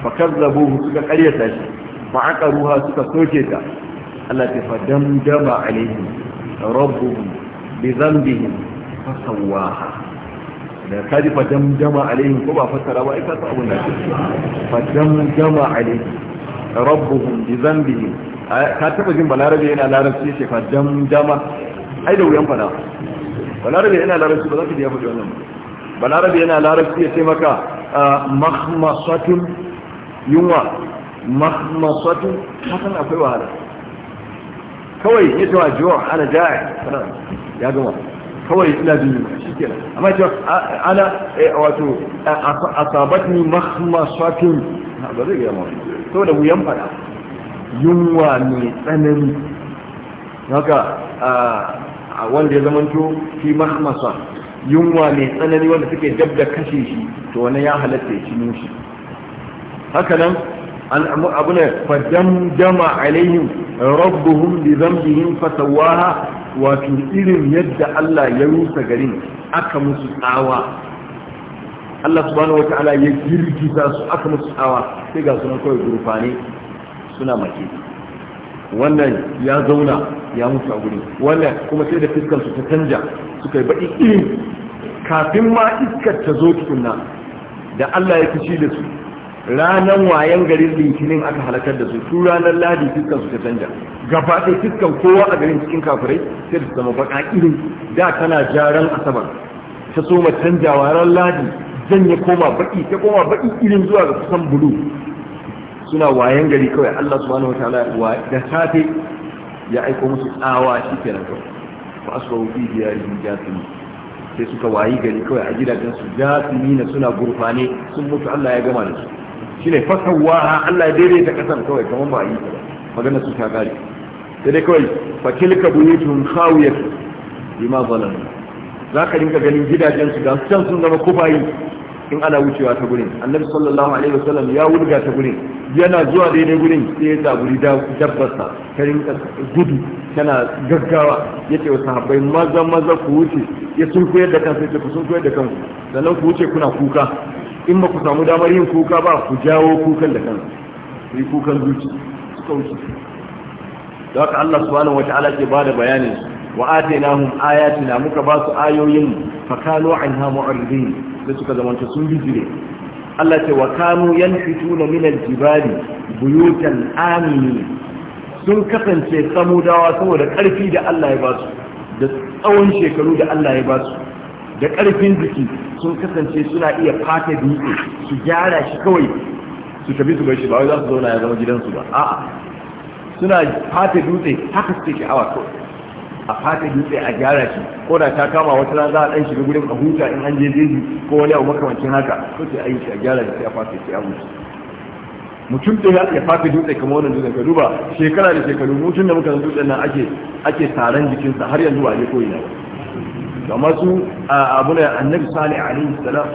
fa kazzabuhu suka karyata shi fa aqaruha suka soke ta Allah ce fa damdama alaihim rabbuhum bi zambihim fasawaha da kaji fa damdama alaihim ko ba fassara ba ita ta abun da fa damdama alaihim rabbuhum bi ka taba jin balarabe yana larabci ce fa damdama ai da wuyan fada balarabe yana larabci ba za ka ji ya faɗi wannan balarabe yana larabci ya ce maka ah, mahmasatun yunwa mahmasatun hakan akwai wahala kawai ya tawa jiwa ana jaya ya gama kawai ina biyu shi ke amma cewa ana e, wato asabatni na ba zai gama saboda wuyan fada yunwa mai tsanani haka wanda ya zamanto fi mahmasa yunwa mai tsanani wanda suke dab da kashe shi to wani ya halatta ya cinu shi haka nan abuna dama alaihim rabbuhum bi dhanbihim fatawaha wato irin yadda Allah ya rusa garin aka musu tsawa Allah subhanahu wataala ya girgiza su aka musu tsawa sai ga sunan kawai gurfane suna maki wannan ya zauna ya mutu a gurin wannan kuma sai da fiskar su ta canja suka yi baki irin kafin ma iskar ta zo tukunna da Allah ya fishi da su ranar wayan garin litinin aka halakar da su su ranar ladi fiskan su ta canja gaba ɗaya fiskan kowa a garin cikin kafirai sai su zama baka irin da tana jaran asabar ta soma canjawa ran ladi zan ya koma baki ta koma baki irin zuwa ga kusan bulu suna wayan gari kawai Allah subhanahu wataala wa da safe ya aiko musu tsawa shi kenan kawai fa asbahu fi diyarihim jasimin sai suka wayi gari kawai a gidajen su na suna gurfane sun mutu Allah ya gama da su shine fasawaha Allah ya daidaita kasar kawai kamar ba a yi ta ba magana su ta kare sai dai kawai fa tilka buyutun khawiyat bima za zaka dinka ganin gidajen su da can sun zama kufayi in ana wucewa ta gurin annabi sallallahu alaihi wasallam ya wurga ta gurin yana zuwa daidai gurin sai ya zaburi dabbarsa ta rinka gudu tana gaggawa ya ce wa sahabbai maza maza ku wuce ya sun koyar da kansu ya ku sun koyar da kanku sannan ku wuce kuna kuka in ba ku samu damar yin kuka ba ku jawo kukan da kansu ku yi kukan zuci su wuce da haka Allah subhanahu wata'ala ke bada bayanin wa atainahum ayatina muka ba su ayoyin fa kanu anha mu'ridin da suka zamanta sun bijire Allah ce wa kanu yanfituna min al-jibali buyutan amini sun kasance samudawa saboda karfi da Allah ya ba su da tsawon shekaru da Allah ya ba su da ƙarfin jiki sun kasance suna iya fata dutse su gyara shi kawai su tafi su bai shi ba wai za su zauna ya zama gidansu ba a'a suna fata dutse haka suke sha'awa kawai a fata dutse a gyara shi ko da ta kama wata rana za a ɗan shiga gurin a huta in an je jeji ko wani abu makamancin haka ko sai a yi shi a gyara shi a fata shi a huta mutum da ya fata dutse kamar wannan dutsen ka duba shekara da shekaru mutum da muka dutsen nan ake ake taron jikinsa har yanzu ba a je ko ina ba kamar su abin annabi salih alaihi salam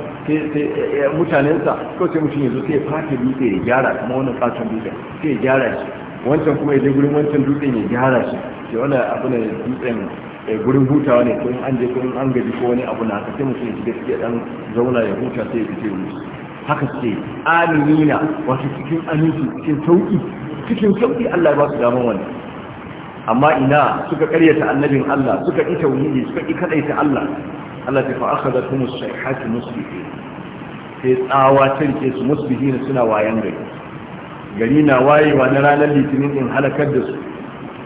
mutanensa ko sai mutum yanzu sai fata dutse ya gyara kuma wannan fatin dutse sai ya gyara shi wancan kuma ya gurin wancan dutse ya gyara shi sai wani abu ne dutsen eh, gurin hutawa ne ko in an je ko an gaji ko wani abu na haka sai mutum ya shiga suke dan zauna ya huta sai ya fice wuce haka ce aminina wato cikin aminci cikin sauki cikin sauki Allah ya ba su damar wannan amma ina suka karyata annabin Allah suka ki tauhidi suka ki kadaita Allah Allah ta fa akhadatum as-sayhatu musbihin sai tsawa ta rike su musbihin suna wayan gari gari na waye wayewa na ranar litinin din halakar da su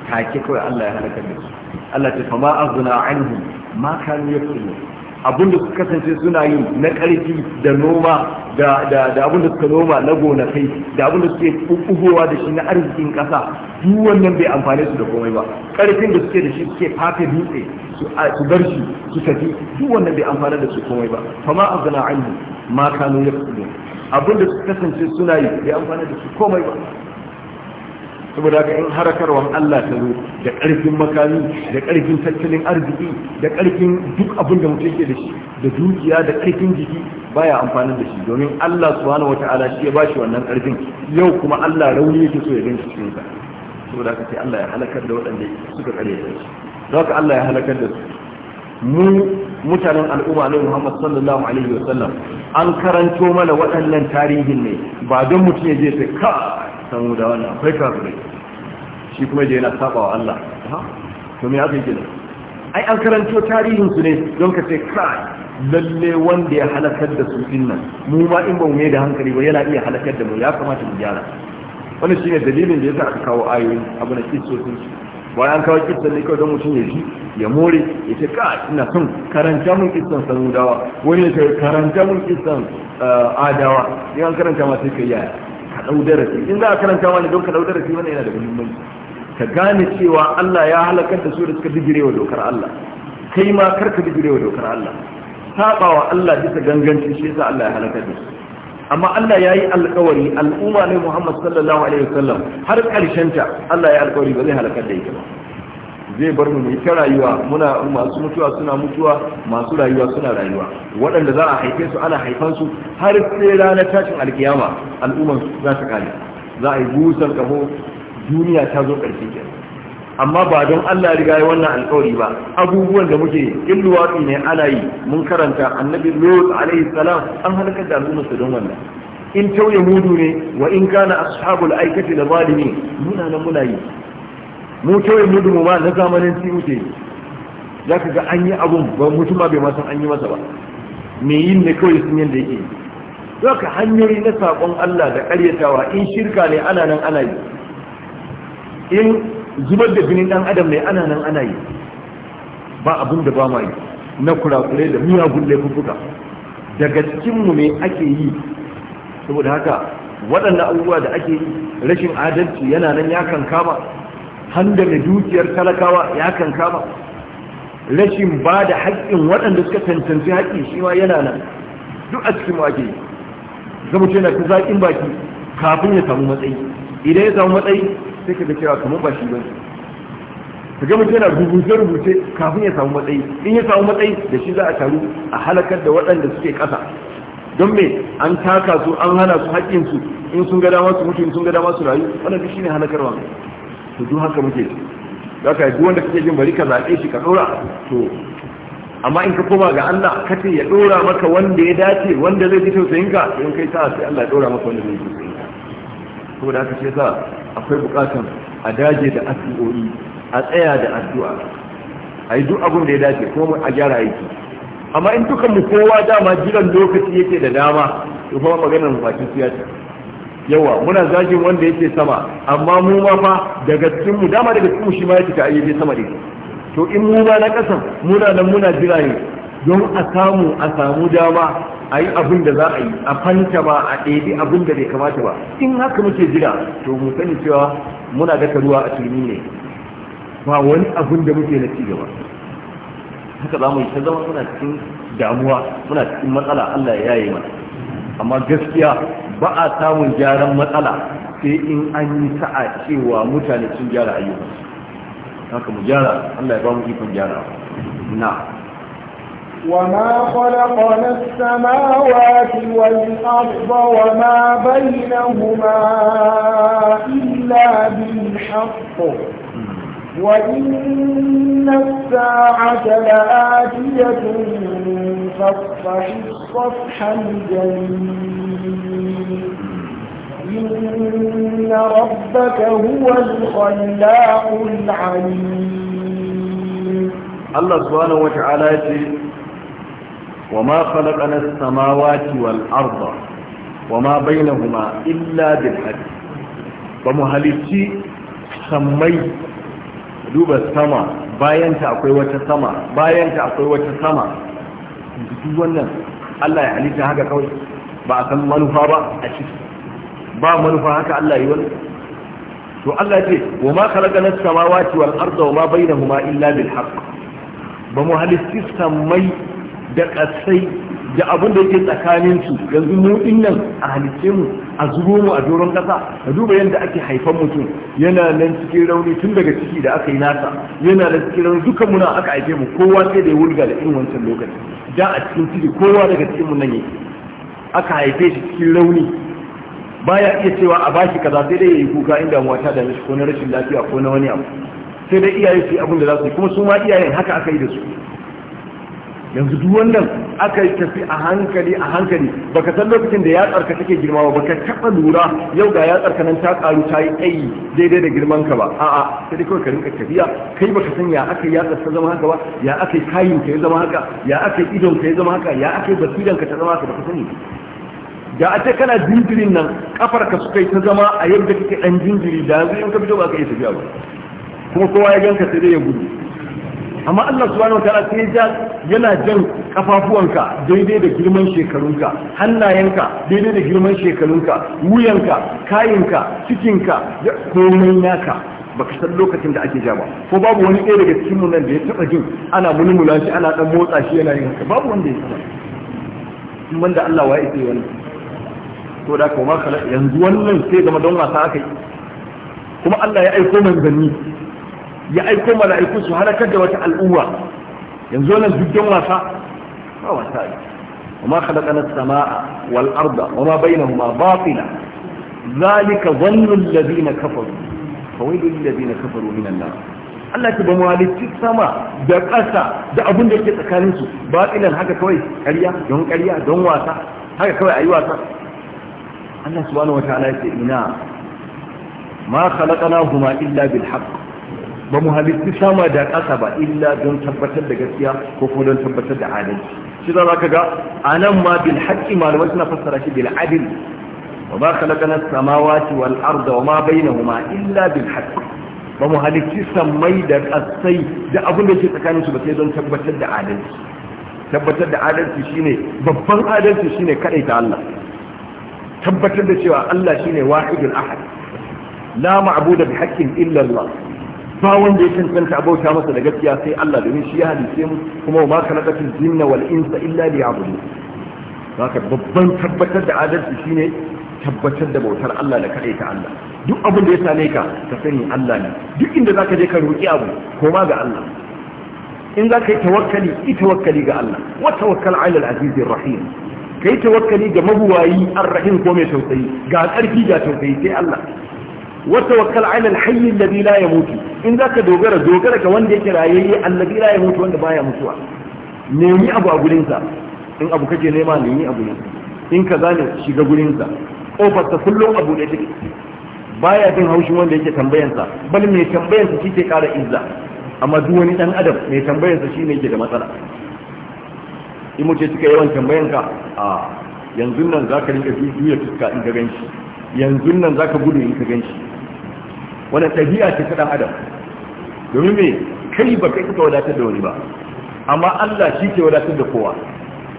take kawai Allah ya halakar da su Allah ta fa ma aghna anhum ma kanu yaqulun abinda suka kasance suna yi na ƙarfi da noma da abinda suka noma na gonakai da abinda suke kukugowa da shi na arzikin ƙasa duk wannan bai amfane su da komai ba ƙarfin da suke da shi suke fafe dutse su bar shi su tafi duk wannan bai amfane da su komai ba fama azna anhu ma kanu yaqulu abinda suka kasance suna yi bai amfane da su komai ba saboda haka in harakarwan Allah ta zo da ƙarfin makami da ƙarfin tattalin arziki da ƙarfin duk abin da mutum yake da shi da dukiya da ƙarfin jiki baya amfani da shi domin Allah subhanahu wata'ala shi ya shi wannan ƙarfin yau kuma Allah rauni yake so ya gan shi cikin sa saboda haka ce Allah ya halakar da waɗanda suka kare da shi don haka Allah ya halakar da su mu mutanen al'umma ne Muhammad sallallahu alaihi wa sallam an karanto mana waɗannan tarihin ne ba don mutum ya je sai ka San da wannan akwai kafirai shi kuma je yana saba wa Allah to me yake yi ai an karanto tarihin su ne don ka ce ka lalle wanda ya halakar da su din nan mu ma in ba mu da hankali ba yana iya halakar da mu ya kamata mu gyara wannan shine dalilin da yasa aka kawo ayoyi abu na kisosin su bayan kawo kitso ne kawai don mutum ya ji ya more ya ce ka ina son karanta mun kisan sanudawa wani ya ce karanta mun kisan eh, adawa in an karanta ma sai ka yaya ɗau darasi in za a karanta wani don ka ɗau darasi wannan yana da muhimmanci ka gane cewa Allah ya halakar da su da suka bijirewa dokar Allah kai ma kar ka wa dokar Allah sabawa Allah bisa ganganci shi yasa Allah ya halakar da su amma Allah ya yi alkawari al'umma ne Muhammad sallallahu alaihi wasallam har ƙarshen ta Allah ya alkawari ba zai halakar da ita ba zai bar mu mai ta rayuwa muna masu mutuwa suna mutuwa masu rayuwa suna rayuwa waɗanda za a haife su ana haifan su har sai ranar tashin alkiyama al'umman za ta kare za a yi busar kaho duniya ta zo ƙarshe ke amma ba don Allah riga ya wannan alƙawari ba abubuwan da muke illuwa ne ana yi mun karanta annabi lot alaihi salam an halakar da al'ummarsa don wannan in tauye mudu ne wa in kana ashabul aikati da zalimi muna nan muna yi mu kawai mu dumu ma na zamanin ci muke za ka ga an yi abun ba mutum bai ma san an yi masa ba me yin ne kawai sun yanda yake To ka hanyoyi na saƙon Allah da ƙaryatawa in shirka ne ana nan ana yi in zubar da binin ɗan adam ne ana nan ana yi ba abun da ba ma yi na kurakurai da miyagun kufuka. daga cikinmu ne ake yi saboda haka waɗannan abubuwa da ake rashin adalci yana nan ya kan kama handame dukiyar talakawa ya kan kama rashin ba da haƙƙin waɗanda suka tantance haƙƙi shi ma yana nan duk a cikin wake zama ce na ta zaƙin baki kafin ya samu matsayi idan ya samu matsayi sai ka ga cewa kamar ba shi ba ka ga ce yana rubuce-rubuce kafin ya samu matsayi in ya samu matsayi da shi za a taru a halakar da waɗanda suke ƙasa don me an taka su an hana su haƙƙinsu in sun ga dama su mutu in sun ga dama su rayu wannan shi ne halakarwa to duk haka muke za ka duk wanda kake jin bari ka zaɓe shi ka ɗora to amma in ka koma ga Allah ka ce ya ɗora maka wanda ya dace wanda zai ji tausayin ka in kai sa sai Allah ya ɗora maka wanda zai ji tausayin ka da aka ce sa akwai buƙatar a daje da addu'o'i a tsaya da addu'a a yi duk abin da ya dace kuma a gyara aiki amma in dukan mu kowa dama jiran lokaci yake da dama to kuma maganar mu bakin siyasa yawa muna zagin wanda yake sama amma mu ma fa daga cikin mu dama daga cikin shi ma yake ta ayyuke sama ne to in mu ba na kasan muna nan muna jira ne don a samu a samu dama a yi abin da za a yi a fanta ba a ɗaiɗi abin da bai kamata ba in haka muke jira to mu sani cewa muna daka ruwa a turmi ne ba wani abin da muke na cigaba haka za mu yi ta zama muna cikin damuwa muna cikin matsala Allah ya yi mana amma gaskiya ba a samun gyaran matsala sai in an yi sa'a cewa mutane sun gyara ayyuka haka mu gyara Allah ya ba mu ikon gyara na وما خلقنا السماوات والأرض وما illa إلا بالحق وإن الساعة لآتية فاصفح الصفح الجميل إن ربك هو الخلاق العليم الله سبحانه وتعالى وما خلقنا السماوات والأرض وما بينهما إلا بالحق ومهلتي سميت duba sama bayan ta akwai wata sama bayan ta akwai wata sama duk wannan Allah ya halitta haka kawai ba a san manufa ba a ciki ba manufa haka Allah yi wani to Allah ce wa ma khalaqana as-samawati wal arda wa ma bainahuma illa bil haqq ba mu halitti mai da kasai da abin da yake tsakanin su yanzu mu nan a halicce mu a zubo mu a doron kasa a duba yadda ake haifan mutum yana nan cikin rauni tun daga ciki da aka yi nasa yana nan cikin rauni dukan muna aka haife mu kowa sai da ya wulga da irin wancan lokaci da a cikin ciki kowa daga cikin mu nan yake aka haife shi cikin rauni baya iya cewa a bashi kaza sai dai yayi kuka inda mu ta dame shi ko na rashin lafiya ko na wani abu sai dai iyaye su abin da za su yi kuma su ma iyayen haka aka yi da su yanzu duk wannan aka yi tafi a hankali a hankali baka san lokacin da yatsar ka take girma ba baka taba lura yau ga yatsar ka nan ta karu ta yi tsayi daidai da girman ka ba a'a sai dai kawai ka rinka tafiya kai baka san ya aka yatsar ta zama haka ba ya aka kayin ka ya zama haka ya aka idon ka ya zama haka ya aka basiran ka ta zama haka baka sani da a ce kana jinjirin nan kafar ka suka yi ta zama a yadda kake dan jinjiri da yanzu in ka fito ba ka iya tafiya ba kuma kowa ya ganka sai dai ya gudu amma Allah subhanahu wataala sai ya yana jan kafafuwanka daidai da girman shekarunka hannayenka daidai da girman shekarunka wuyanka kayinka cikinka komai naka baka san lokacin da ake ja ba ko babu wani ɗaya daga cikin nan da ya taba jin ana mulmula shi ana dan motsa shi yana yin haka babu wanda ya taba in banda Allah wa ya wani to da kuma yanzu wannan sai zama don wasa aka yi kuma Allah ya aiko manzanni ya aiko mala'iku su halakar da wata al'umma yanzu wannan dukkan wasa ba wasa ne وما خلقنا السماء والأرض وما بينهما باطلا ذلك ظن الذين كفروا فويل للذين كفروا من النار Allah ya ba malicin sama da ƙasa da abin da ke tsakaninsu ba tsinan haka kawai ƙarya don ƙarya don wasa haka kawai ayi wasa Allah subhanahu wa ta'ala ya ce ina ma khalaqana huma illa bil haqq ba mu halitti sama da ƙasa ba illa don tabbatar da gaskiya ko kuma don tabbatar da adalci shi za ka ga a nan ma bil haƙƙi malamai suna fassara shi bil adil wa ba khalaqana samawati wal arda wa ma bainahuma illa bil haqq ba mu halitti sammai da ƙasai da abin da ke tsakanin su ba sai don tabbatar da adalci tabbatar da adalci shine babban adalci shine kadai ta Allah tabbatar da cewa Allah shine wahidul ahad la ma'budu bi haqqin illa Allah ba wanda ya cancanta a bauta masa da gaskiya sai Allah domin shi ya halice mu kuma ma khalaqatul jinna wal insa illa liya'budun haka babban tabbatar da adalci shine tabbatar da bautar Allah da kaɗai ta Allah duk abin da ya same ka ka sani Allah ne duk inda zaka je ka roƙi abu koma ga Allah in zaka yi tawakkali yi tawakkali ga Allah wa tawakkal 'ala al-aziz ar-rahim kai tawakkali ga mabuwayi ar-rahim ko mai tausayi ga ƙarfi ga tausayi sai Allah wa tawakkal ala al-hayy alladhi la yamut in zaka dogara dogara ga wanda yake rayayye alladhi la yamut wanda baya mutuwa nemi abu a gurin sa in abu kake nema nemi abu ne in kaza ne shiga gurin sa kofar ta kullum abu ne take baya jin haushin wanda yake tambayansa bal mai tambayansa shi ke kara izza amma duk wani dan adam mai tambayansa shi ne yake da matsala in mutum suka yawan tambayanka a yanzu nan za ka rinka juya fuska in ka ganshi yanzu nan za ka gudu in ka ganshi Wani ɗabi'a ce ta ɗan adam domin me kai ba kai kuka wadatar da wani ba amma Allah shi ke wadatar da kowa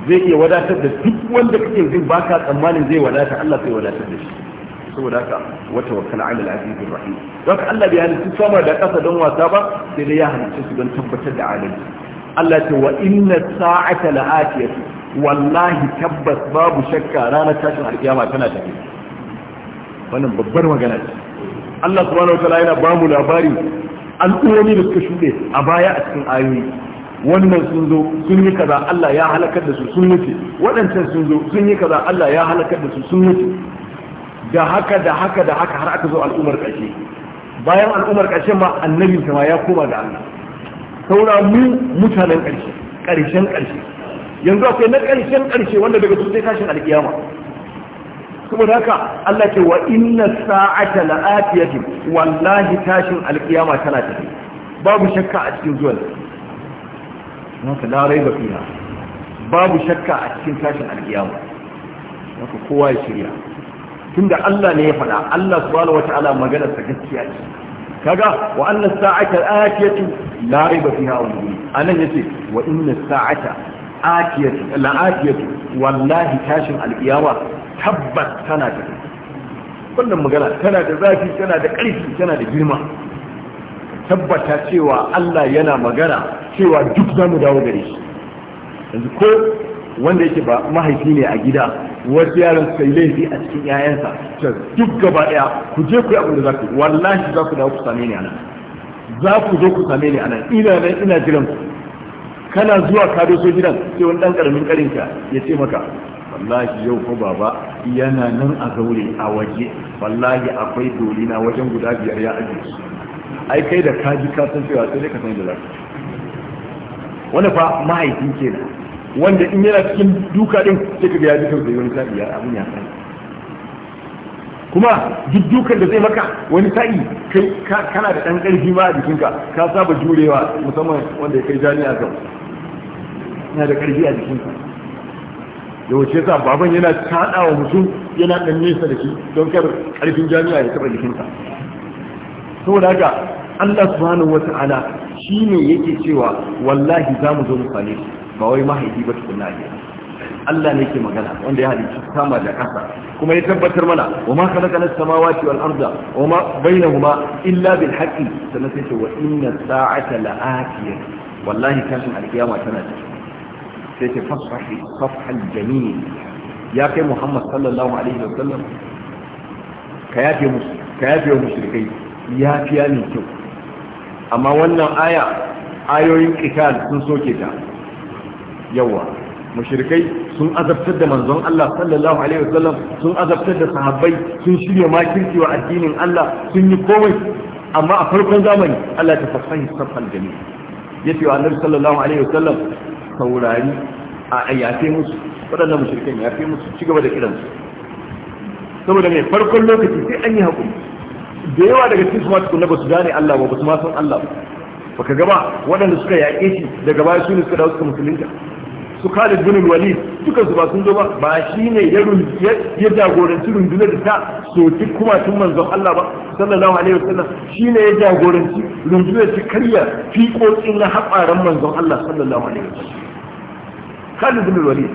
zai iya wadatar da duk wanda kake zai baka tsammanin zai wadata Allah sai wadatar da shi saboda haka wata wakala ala al-aziz rahim don Allah bai halitta sama da kasa don wasa ba sai dai ya halittu su don tabbatar da adalci Allah ce wa inna sa'ata la'atiyatu wallahi tabbas babu shakka ranar tashin alkiyama tana tafi wannan babbar magana ce Allah subhanahu wa ta'ala yana ba mu labari al'ummomi da suka shuɗe a baya a cikin ayoyi wannan sun zo sun yi kaza Allah ya halakar da su sun mutu waɗancan sun zo sun yi kaza Allah ya halakar da su sun mutu da haka da haka da haka har aka zo al'ummar ƙarshe bayan al'ummar ƙarshe ma annabin ma ya koma ga Allah saura mu mutanen ƙarshe ƙarshen ƙarshe yanzu akwai na ƙarshen ƙarshe wanda daga su sai tashin alƙiyama saboda haka Allah ke wa inna sa'ata la'atiyatin wallahi tashin alkiyama tana tafi babu shakka a cikin zuwan haka rai ba fiya. babu shakka a cikin tashin alkiyama haka kowa ya shirya tunda Allah ne ya faɗa Allah subhanahu wataala maganar sa gaskiya ce kaga wa anna sa'ata la'atiyatu la raiba fiha wa anan yace wa inna sa'ata atiyatu la'atiyatu wallahi tashin alkiyama tabbas tana da wannan magana tana da zafi tana da ƙarfi tana da girma tabbata cewa Allah yana magana cewa duk za mu dawo gare shi yanzu ko wanda yake ba mahaifi ne a gida wasu yaran su laifi a cikin 'ya'yansa duk gaba ɗaya ku je ku yi abin da za ku wallahi za ku dawo ku same ni a za ku zo ku same ni anan ina nan ina jiran ku kana zuwa ka doso gidan sai wani dan karamin karinka ya ce maka wallahi yau ko baba yana nan a zaure a waje wallahi akwai dolina wajen guda biyar ya ajiye su ai kai da kaji ka san cewa sai ka san da zaka wani fa mahaifin kenan wanda in yana cikin duka din sai ka ga ya ji tausayi wani sa'i ya abun ya sani kuma duk dukan da zai maka wani sa'i kai kana da dan karfi ma a jikinka ka saba jurewa musamman wanda ya kai jami'a kan yana da karfi a jikinka yawace sa baban yana tada wa mutum yana dan nesa da shi don kar karfin jami'a ya taba jikinsa saboda haka Allah subhanahu wata'ala shine yake cewa wallahi za mu zo mu sane shi ba wai mahaifi ba tukunna ne Allah ne yake magana wanda ya halicci sama da ƙasa kuma ya tabbatar mana wa ma khalaqa as-samawati wal arda wa ma bainahuma illa bil haqqi sannan sai ce wa inna sa'ata la'atiyah wallahi tashin alkiyama tana cikin sai ta fasfahi safhal jamil ya kai muhammad sallallahu alaihi wa sallam ka yafe musu ka yafe wa mushrikai yafiya ne kyau amma wannan aya ayoyin qital sun soke ta yawa mushrikai sun azabtar da manzon Allah sallallahu alaihi wasallam sun azabtar da sahabbai sun shirya makirci wa addinin Allah sun yi komai amma a farkon zamani Allah ta fasahi safal jami yace wa annabi sallallahu alaihi wasallam saurari a yafe musu waɗannan mushrikan yafe musu ci gaba da kiransu saboda mai farkon lokaci sai an yi haƙuri da yawa daga cikin su masu tukuna ba su gane Allah ba ba su ma san Allah ba baka gaba waɗanda suka yaƙe shi daga baya su ne suka dawo suka musulunta su Khalid bin Walid suka su ba sun zo ba ba shi ya ya jagoranci rundunar da ta soki kuma tun manzon Allah ba sallallahu alaihi wasallam ne ya jagoranci rundunar ta karya fiƙoƙin na haɓaran manzon Allah sallallahu alaihi wasallam Khalid bin Walid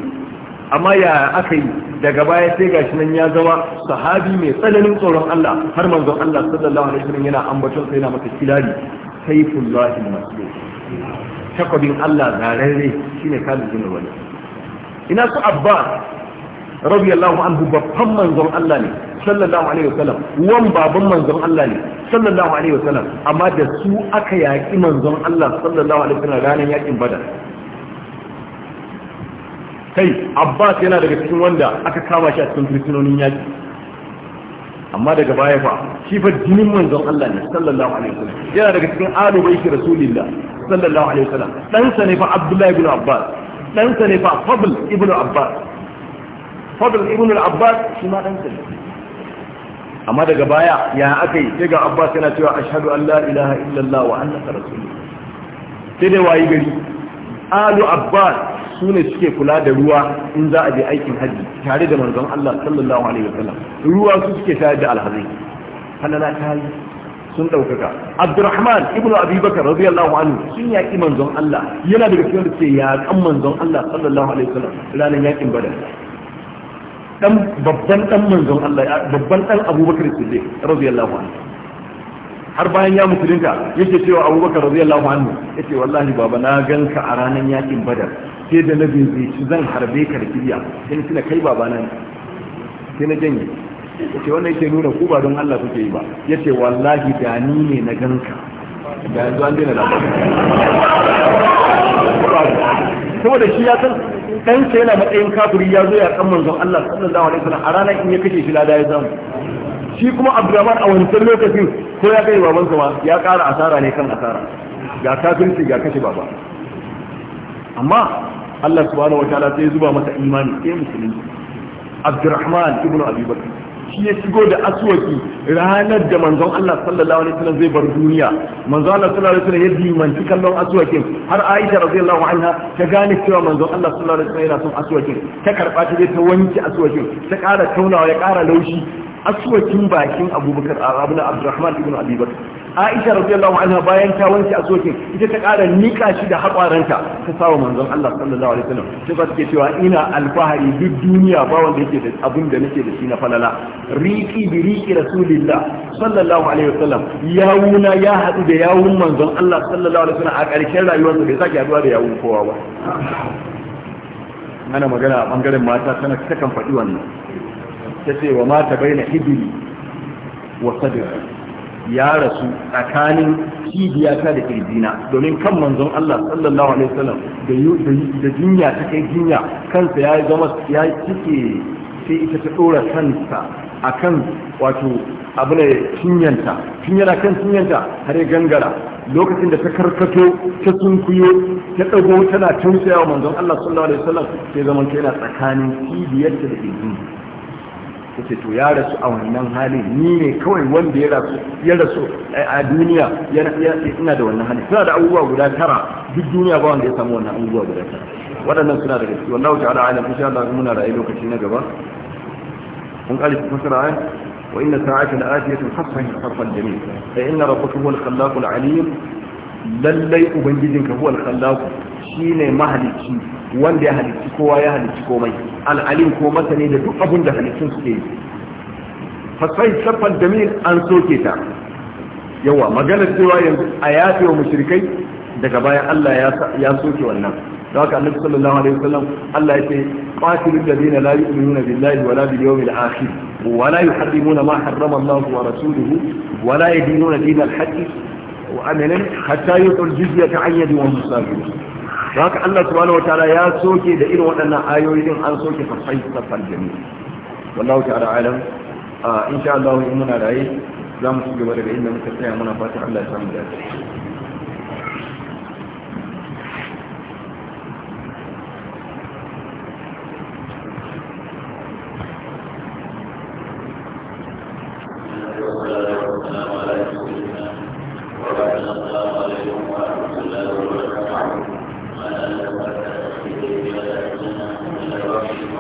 amma ya aka yi daga baya sai gashi nan ya zama sahabi mai tsananin tsoron Allah har manzon Allah sallallahu alaihi wasallam yana ambaton sai yana masa kilari sayfullahi masjid takobin Allah zararre shine Khalid bin Walid ina su Abbas radiyallahu anhu babban manzon Allah ne sallallahu alaihi wasallam wan baban manzon Allah ne sallallahu alaihi wasallam amma da su aka yaki manzon Allah sallallahu alaihi wasallam ranar yakin Badar kai abbas yana daga cikin wanda aka kama shi a cikin fursunonin yaki amma daga baya fa shi fa jinin manzon Allah ne sallallahu alaihi wasallam yana daga cikin alu baiti rasulillah sallallahu alaihi wasallam dan sa ne fa abdullah ibn abbas dan sa ne fa fadl ibn abbas fadl ibn abbas shi ma dan sa ne amma daga baya ya akai sai ga abbas yana cewa ashhadu an la ilaha illallah wa annaka rasulullah sai dai wayi gari alu abbas su ne suke kula da ruwa in za a je aikin hajji tare da manzon Allah sallallahu alaihi wasallam ruwa su suke tare da alhazai hanana ta yi sun ɗaukaka abdurrahman ibnu abubakar radiyallahu anhu sun yaƙi manzon Allah yana daga cikin da yaƙan manzon Allah sallallahu alaihi wasallam ranar yaƙin badar dan babban dan manzon Allah babban dan abubakar siddiq radiyallahu anhu har bayan ya musulunta yake cewa abubakar radiyallahu anhu yace wallahi baba na ganka a ranar yaƙin badar sai da na bincike zan harbe ka da kiriya sai na tuna kai babana ne sai na janye yace wannan yake nuna ku ba don Allah kuke yi ba yace wallahi da ni ne na ganka da yanzu an daina labari saboda shi ya san ce yana matsayin kafiri ya zo ya kan manzon Allah sallallahu alaihi wasallam a ranar in ya kashe shi lada ya samu shi kuma Abdurrahman a wancan lokacin ko ya kai babansa ma ya ƙara asara ne kan asara ga kafirci ga kashe baba amma Allah subhanahu wataala sai zuba masa imani sai musulmi Abdurrahman ibn Abi Bakr shi ya shigo da aswaki ranar da manzon Allah sallallahu alaihi wasallam zai bar duniya manzon Allah sallallahu alaihi wasallam ya dimanci kallon aswakin har Aisha radiyallahu anha ta gane cewa manzon Allah sallallahu alaihi wasallam yana son aswakin ta karba ta je ta wanke aswakin ta ƙara taunawa ya ƙara laushi aswakin bakin Abubakar Abu Abdurrahman ibn Abi Bakr aisha radiyallahu anha bayan ta a soke ita ta ƙara nika shi da haƙwaranta ta sawa manzon Allah sallallahu alaihi wasallam sai ba take cewa ina alfahari duk duniya ba wanda yake da abin da nake da shi na falala riqi bi riqi rasulillah sallallahu alaihi wasallam yawuna ya haɗu da yawun manzon Allah sallallahu alaihi wasallam a ƙarshen rayuwarsa bai sake haɗuwa da yawun kowa ba ana magana a bangaren mata tana ta kan faɗi wannan ta ce wa mata bai na hibili wa sadira ya rasu tsakanin cibiyata da kirjina domin kan manzon Allah sallallahu alaihi wasallam da jinya ta kai jinya kansa ya yi zama ya cike sai ita ta dora kansa akan wato abu ne cinyanta cinyara kan cinyanta har ya gangara lokacin da ta karkato ta sunkuyo ta dago tana tausaya wa manzon Allah sallallahu alaihi wasallam sai zaman yana tsakanin cibiyarta da kirjina ce to ya rasu a wannan hali ni ne kawai wanda ya rasu ya rasu a duniya ina da wannan hali suna da abubuwa guda tara duk duniya ba wanda ya samu wannan abubuwa guda tara waɗannan suna da gaske wallahu ta'ala in insha Allah muna ra'ayi lokaci na gaba mun kali ku fasara ayan wa inna sa'atan atiyatan hasan hasan jami' fa inna rabbaka huwal khallaqul alim lallai ubangijin ka huwal khallaqu shine mahalicci wanda ya halicci kowa ya halicci komai al'alim ko masani da duk abin da halittun suke yi fasai safal jamil an soke ta yawa magana cewa yanzu a yafe wa mushrikai daga baya Allah ya soke wannan da haka annabi sallallahu alaihi wasallam Allah ya ce qatilul ladina la yu'minuna billahi wala bil yawmil akhir wala yuharrimuna ma harrama Allah wa rasuluhu wala yadinuna dinal haqq wa amalin hatta yutul jizya ta ayyadi wa musafir haka Allah subhanahu ta'ala ya soke da irin waɗannan ayoyi din an soke safai safal jami'i wallahu ta'ala alam insha Allah in muna raye za mu ci gaba daga inda muka tsaya muna fatan Allah ya samu dace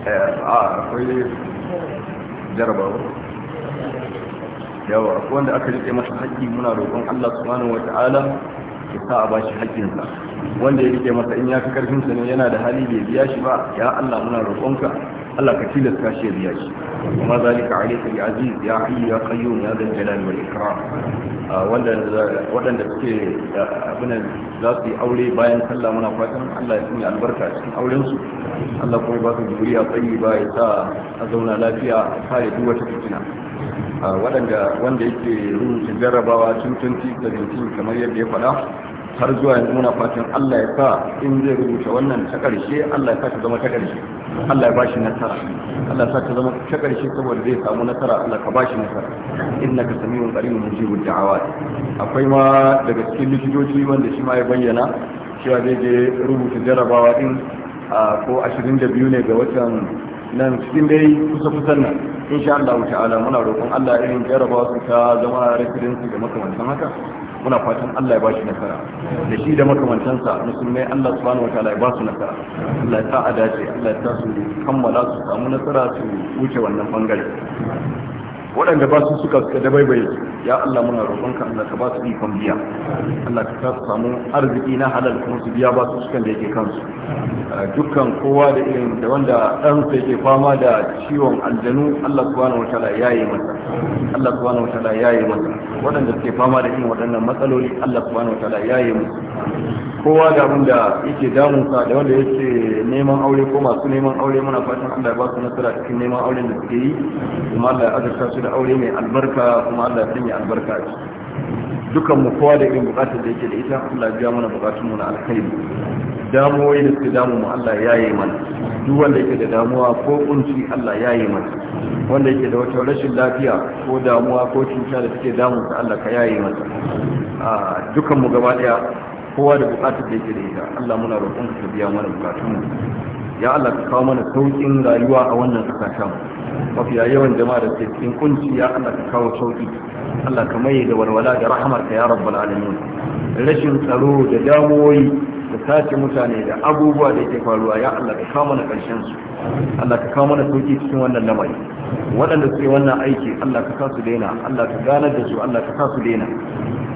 Eh, a ah, akwai jarabawa yawa wanda aka rike masa haƙƙi muna roƙon Allah subhanahu wata'ala ya sa a bashi haƙƙinsa wanda ya rike masa in ya fi ƙarfinsa ne yana da hali bai biya shi ba ya Allah muna roƙonka Allah ka tilasta shi ya biya shi kuma zalika alayka bi aziz ya hayyu ya qayyum ya dal jalal wal ikram ah, wanda wadanda suke ah, abuna za su yi aure bayan sallah muna fatan Allah ya sanya albarka cikin auren su Allah kuma ba su juriya tsayi ba ya sa a zauna lafiya a kare duk wata fitina ah, wadanda wanda yake rubutun jarrabawa tun 2017 kamar yadda ya faɗa har zuwa yanzu muna fatan Allah ya sa in zai rubuta wannan ta ƙarshe Allah ya sa ta zama ta ƙarshe Allah ya bashi nasara Allah ya sa ta zama ta ƙarshe saboda zai samu nasara Allah ka bashi nasara sami innaka samiun qaribun mujibud da'awat akwai ma daga cikin likitoci wanda shi ma ya bayyana cewa zai je rubuta jarabawa din ko ashirin da biyu ne ga watan nan cikin dai kusa-kusan nan insha Allah ta'ala muna roƙon Allah irin jarabawa su ta zama referensi da makamantan haka muna fatan Allah ya bashi nasara da shi da makamantansa musulmai Allah subhanahu wataala ya ba su nasara Allah ya sa a dace Allah ya sa su kammala su samu nasara su wuce wannan bangare waɗanda ba su suka suka dabaibaye ya Allah muna roƙonka Allah ka ba su ikon biya Allah ka sa samu arziki na halal kuma su biya ba su sukan da yake kansu ah, dukkan kowa da irin da wanda ɗansa yake fama da ciwon aljanu Allah subhanahu wataala ya yi masa Allah subhanahu wataala ya yi masa waɗanda suke fama da irin waɗannan matsaloli Allah subhanahu wataala ya yi musu kowa da abin da yake damunsa da wanda yake neman aure ko masu neman aure muna fatan Allah ya ba su nasara cikin neman auren da suke yi kuma Allah ya azurta su su da aure mai albarka kuma Allah ya sanya albarka a ciki dukan mu kowa da irin bukatar da yake da ita Allah ya biya mana bukatun mu na alkhairi damuwoyi da suka damu mu Allah ya yi mana duk wanda yake da damuwa ko kunci Allah ya yi mana wanda yake da wata rashin lafiya ko damuwa ko cuta da suke damu sa Allah ka yaye mana a dukan mu gaba daya kowa da bukatar da yake da ita Allah muna roƙon ka biya mana bukatun mu ya Allah ka kawo mana saukin rayuwa a wannan kasashen mafiya yawan jama'a da ke cikin kunci ya Allah ka kawo sauƙi. Allah ka maye da walwala da rahamarka ya rabbal alamin rashin tsaro da damuwoyi da sace mutane da abubuwa da ke faruwa ya Allah ka kawo mana ƙarshen su Allah ka kawo mana sauki cikin wannan lamari waɗanda suke wannan aiki Allah ka sa su daina Allah ka gane da su Allah ka sa su daina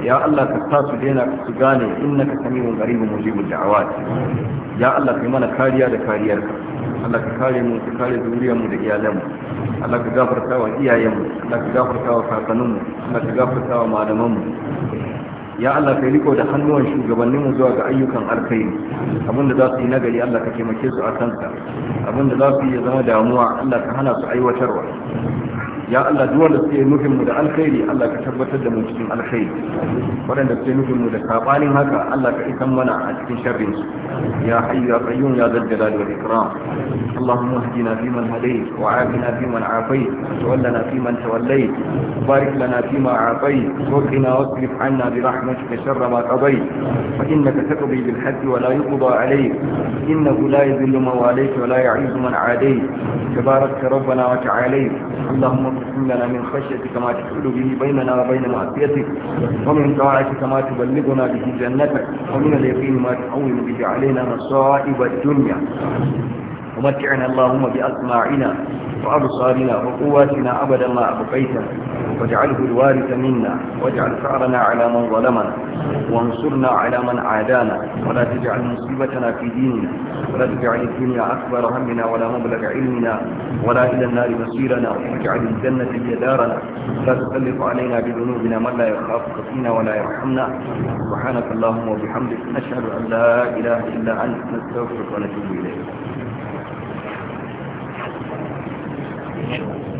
ya Allah ka sa su daina su gane innaka samiun qaribun mujibud da'awat ya Allah kai mana kariya da kariyarka Allah ka kare mu ka kare zuriyar mu da iyalanmu. mu Allah ka gafarta wa iyayenmu. mu Allah ka gafarta wa kakannin mu Allah ka gafarta wa malamanmu. ya Allah kai riko da hannuwan shugabannin mu zuwa ga ayyukan alkhairi abinda za su yi nagari Allah ka taimake su a kansa abinda za su yi zama damuwa Allah ka hana su aiwatarwa ya Allah duk wanda suke nufin mu da alkhairi Allah ka tabbatar da mu cikin alkhairi waɗanda suke nufin mu da sabanin haka Allah ka isan mana a cikin sharrin su ya hayyu ya qayyum ya zal jalali wal ikram Allahumma ihdina fi man hadayt wa afina fi man afayt wa wallana fi man tawallayt barik lana fi ma afayt wa qina wasrif 'anna bi rahmatika sharra ma qadayt fa innaka taqdi bil haqq wa la yuqda alayk innahu la yadhillu man walayt wa la yu'izzu man adayt tabarakta rabbana wa ta'alayt اللهم اللهم لنا من خشيتك ما تحول به بيننا وبين معصيتك ومن طاعتك ما تبلغنا به جنتك ومن اليقين ما تعول به علينا مصائب الدنيا ومتعنا اللهم بأسماعنا وأبصارنا وقواتنا أبدا ما أبقيتنا واجعله الوارث منا واجعل ثأرنا على من ظلمنا وانصرنا على من عادانا ولا تجعل مصيبتنا في ديننا ولا تجعل الدنيا أكبر همنا ولا مبلغ علمنا ولا إلى النار مصيرنا واجعل الجنة هي دارنا لا تسلط علينا بذنوبنا من لا يخافك فينا ولا يرحمنا سبحانك اللهم وبحمدك نشهد أن لا إله إلا أنت نستغفرك ونتوب إليك anyway.